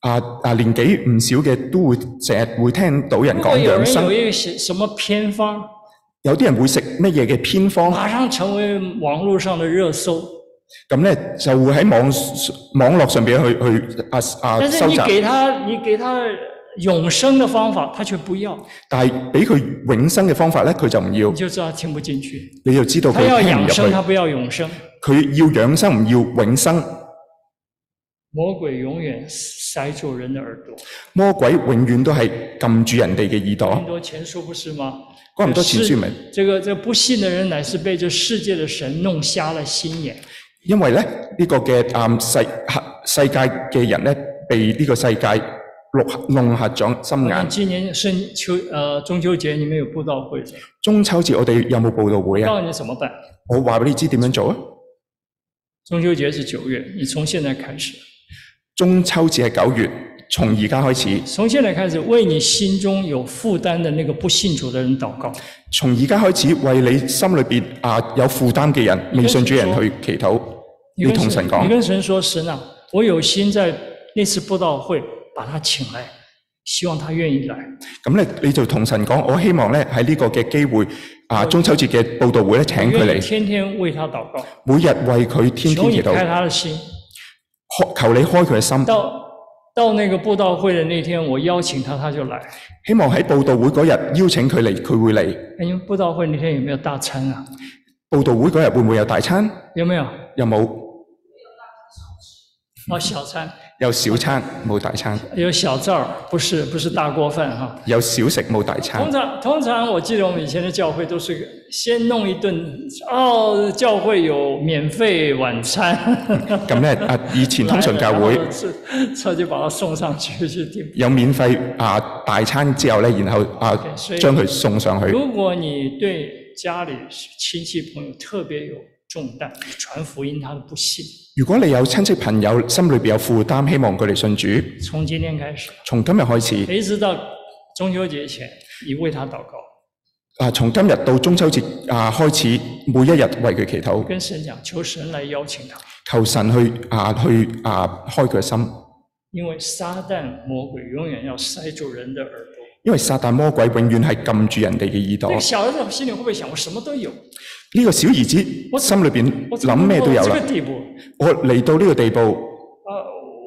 啊啊，年紀唔少嘅都會成日會聽到人講養生。有，人有一啲什什麼偏方？有啲人會食乜嘢嘅偏方？馬上成為網絡上的熱搜。咁咧就會喺網網絡上邊去去啊啊！但是你給他，你給他。永生的方法，他卻不要。但係俾佢永生嘅方法呢，佢就唔要。你就知道他聽不進去。你就知道佢聽唔入去。他要養生，他不要永生。佢要養生，唔要永生。魔鬼永遠塞住人的耳朵。魔鬼永遠都係撳住人哋嘅耳朵。關唔多錢數，不是嗎？關唔多錢數咩？這個、這不信的人，乃是被這世界的神弄瞎了心眼。因為呢，呢個世、世界嘅人咧，被呢個世界。龍合長心眼。今年秋，中秋節你們有布道會？中秋節我哋有冇布道會啊？我教你怎麼辦。我話俾你知點樣做啊？中秋節是九月，你從現在開始。中秋節係九月，從而家開始。從現在開始，為你心中有負擔的那個不信主的人禱告。從而家開始，為你心裏邊啊有負擔嘅人，未信主嘅人去祈禱，你同神講，你跟神說，神啊，我有心在那次布道會。把他請來，希望他願意來。咁咧你就同神講，我希望呢喺呢個嘅機會啊，中秋節嘅布道會咧，請佢嚟。天天為他禱告，每日為佢天天祈禱。求你開他的心，求求你開佢嘅心。到到那個布道會嘅那天，我邀請他，他就來。希望喺布道會嗰日邀請佢嚟，佢會嚟。咁、嗯、布道會那天有沒有大餐啊？布道會嗰日會唔會有大餐？有沒有？有冇？有、哦、大小餐。嗯有小餐冇大餐，有小灶，不是不是大鍋飯哈。有小食冇大餐。通常通常，我記得我們以前的教會都是先弄一頓，哦，教會有免費晚餐。咁、嗯、咧、嗯嗯，以前通常教會，就把它送上去。有免費啊大餐之後咧，然後啊 okay, 將佢送上去。如果你對家裏親戚朋友特別有重擔，傳福音他都不信。如果你有親戚朋友心裏邊有負擔，希望佢哋信主，從今日開始，一直到中秋節前，你為他禱告。啊、呃，從今日到中秋節啊、呃、開始，每一日為佢祈禱。跟神講，求神來邀請他、啊，求神去啊、呃、去啊、呃、開佢心。因為撒旦魔鬼永遠要塞住人的耳朵，因為撒旦魔鬼永遠係撳住人哋嘅耳朵。你小兒子心裏會不會想：我什麼都有？呢、這個小兒子心裏邊諗咩都有啦。我嚟到呢個地步。啊，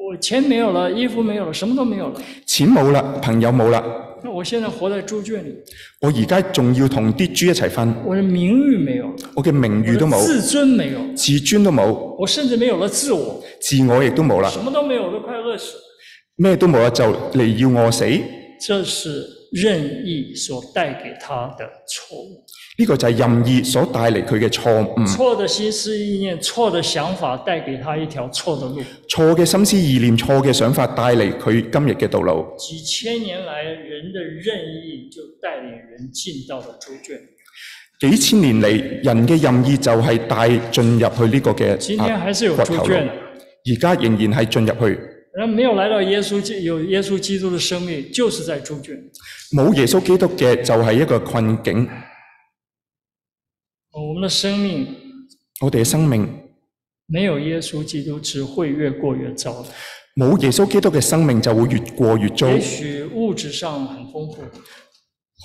我錢沒有了，衣服沒有了，什麼都沒有了。錢冇啦，朋友冇啦。那我現在活在豬圈裏。我而家仲要同啲豬一齊瞓。我的名譽沒有。我嘅名譽都冇。自尊沒有。自尊都冇。我甚至沒有了自我。自我亦都冇啦。什麼都沒有，我都快餓死了。咩都冇啦，就嚟要餓死。這是任意所帶給他的錯誤。呢、這個就係任意所帶嚟佢嘅錯誤，錯嘅心思意念，錯嘅想法帶給他一條錯嘅路。錯嘅心思意念，錯嘅想法帶嚟佢今日嘅道路。幾千年來，人的任意就帶領人進到咗豬圈。幾千年嚟，人嘅任意就係帶進入去呢個嘅。今天還是有豬圈，而、啊、家仍然係進入去。人沒有來到耶穌，有耶穌基督嘅生命，就是在豬圈。冇耶穌基督嘅就係一個困境。我們的生命，我哋嘅生命，沒有耶穌基督只會越過越糟。冇耶穌基督嘅生命就會越過越糟。也許物質上很豐富，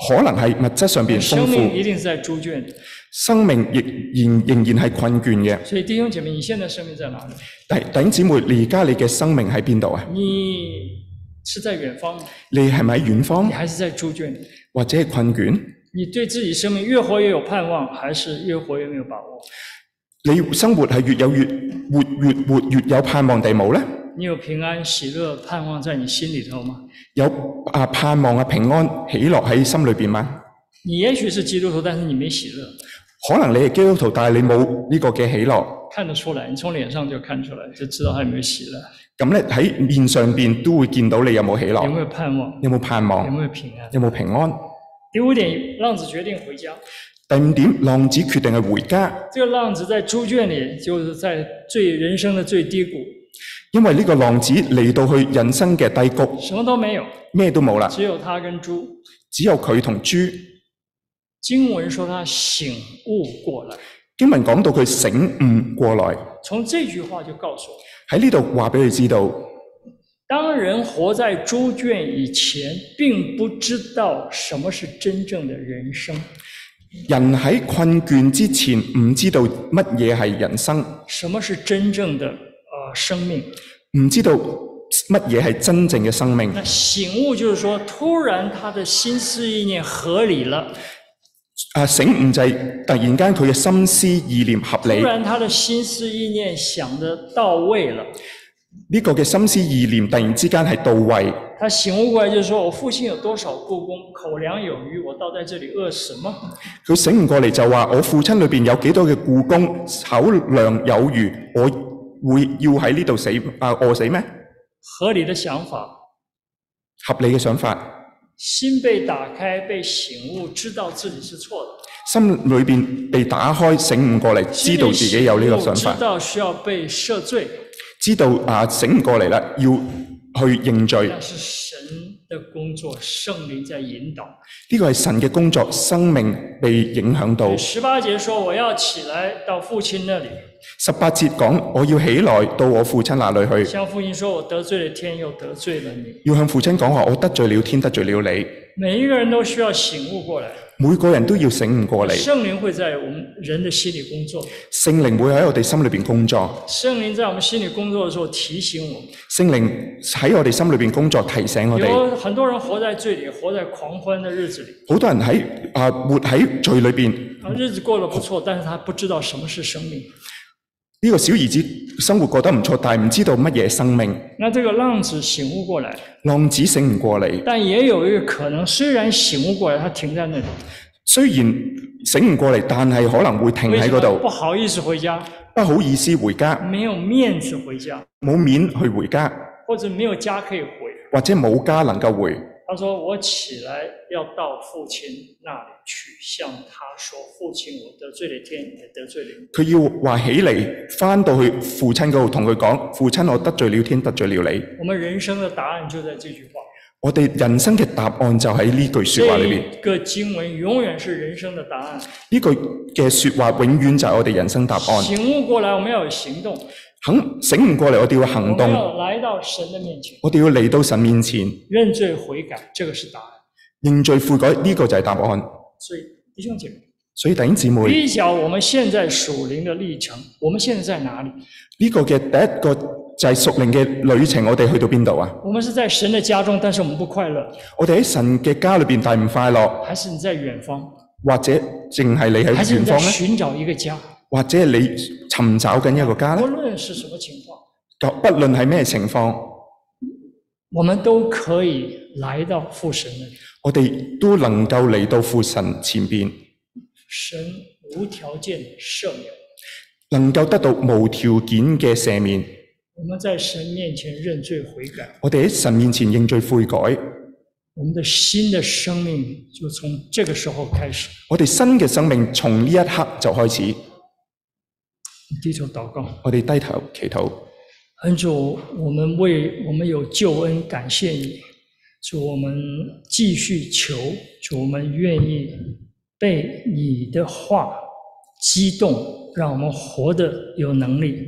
可能係物質上面豐富。生命一定是在豬圈。生命亦然，仍然係困倦嘅。所以弟兄姐妹，你現在生命在哪裏？弟兄姊妹，而家你嘅生命喺邊度？你是在遠方？你係咪喺遠方？你還是在豬圈？或者係困倦？你對自己生命越活越有盼望，還是越活越沒有把握？你生活係越有越活越活越，越有盼望定冇咧？你有平安喜樂盼望在你心裏頭嗎？有啊，盼望啊、平安喜樂喺心裏邊嗎？你也許是基督徒，但是你沒喜樂。可能你係基督徒，但係你冇呢個嘅喜樂。看得出來，你從臉上就看出來，就知道佢有冇喜樂。咁咧喺面上邊都會見到你有冇喜樂。有冇盼望？有冇盼望？有冇平安？有冇平安？第五點，浪子決定回家。第五點，浪子決定係回家。這個浪子在豬圈裏，就是在最人生的最低谷。因為呢個浪子嚟到佢人生嘅低谷，什麼都沒有，咩都冇啦，只有他跟豬，只有佢同豬。經文說他醒悟過來，經文講到佢醒悟過來，從這句話就告訴我，喺呢度話俾佢知道。當人活在豬圈以前，並不知道什麼是真正的人生。人喺困倦之前，唔知道乜嘢係人生。什麼是真正的呃生命唔知道乜嘢係真正嘅生命？那醒悟就是說，突然他的心思意念合理了。啊，醒悟就係突然間佢嘅心思意念合理。突然他的心思意念想得到位了。呢、這個嘅心思意念突然之間係到位。他醒悟過來就是說：，說我父親有多少雇工口糧有餘，我倒在這裡餓死嗎？佢醒悟過嚟就話：，我父親裡邊有幾多嘅雇工口糧有餘，我會要喺呢度死啊、呃、餓死咩？合理嘅想法。合理嘅想法。心被打開，被醒悟，知道自己是錯的。心裡邊被打開，醒悟過嚟，知道自己有呢個想法。知道需要被赦罪。知道啊，醒唔過嚟啦，要去認罪。呢個係神嘅工作，聖靈在引導。呢、這個係神嘅工作，生命被影響到。十八節說：我要起來到父親那裡。十八節講：我要起來到我父親那裡去。向父親說：我得罪了天，又得罪了你。要向父親講話：我得罪了天，得罪了你。每一個人都需要醒悟過來。每個人都要醒悟過嚟。聖靈會在我們人的心裡工作。聖靈會喺我哋心裏邊工作。聖靈在我們心裡工作嘅時候，提醒我們。聖靈喺我哋心裏邊工作，提醒我哋。有很多人活在罪裡，活在狂歡的日子裡。好多人喺啊活喺罪裏邊。啊，日子過得不錯，但是他不知道什麼是生命。呢、這個小兒子生活過得唔錯，但係唔知道乜嘢生命。那這個浪子醒悟過來，浪子醒唔過嚟。但也有一個可能，雖然醒悟過嚟，他停在那度。雖然醒唔過嚟，但係可能會停喺嗰度。不好意思回家。不好意思回家。沒有面子回家。冇面去回家。或者沒有家可以回。或者冇家能夠回。他說：“我起來要到父親那裏去，向他說：父親，我得罪了天，也得罪了你。”他要話起嚟，翻到去父親嗰度同佢講：“父親，我得罪了天，得罪了你。”我們人生的答案就在這句話。我哋人生嘅答案就喺呢句說話裏邊。這個經文永遠是人生的答案。呢句嘅說話永遠就係我哋人生答案。醒悟過來，我們要行動。肯醒悟過嚟，我哋要行動。我們要來到神嘅面前。我哋要嚟到神面前。認罪悔改，這個是答案。認罪悔改呢個就係答案。所以弟兄姐妹，所以弟兄姊妹比較我們現在屬靈嘅歷程，我們現在在哪裏？呢個嘅第一個。就係屬靈嘅旅程，我哋去到邊度啊？我哋是在神嘅家中，但是我們不快樂。我哋喺神嘅家裏邊，但係唔快樂。還是你在遠方？或者淨係你喺遠方咧？還是在尋找一個家？或者你尋找緊一個家咧？無論是什麼情況，不不論係咩情況，我們都可以來到父神的。我哋都能夠嚟到父神前邊。神無條件赦免，能夠得到無條件嘅赦免。我們在神面前認罪悔改。我哋喺神面前認罪悔改。我們的新的生命就從這個時候開始。我哋新嘅生命從呢一刻就開始。低頭禱告。我哋低頭祈禱。恩主，我們為我們有救恩感謝你。主，我們繼續求。主，我們願意被你的話激動，讓我們活得有能力。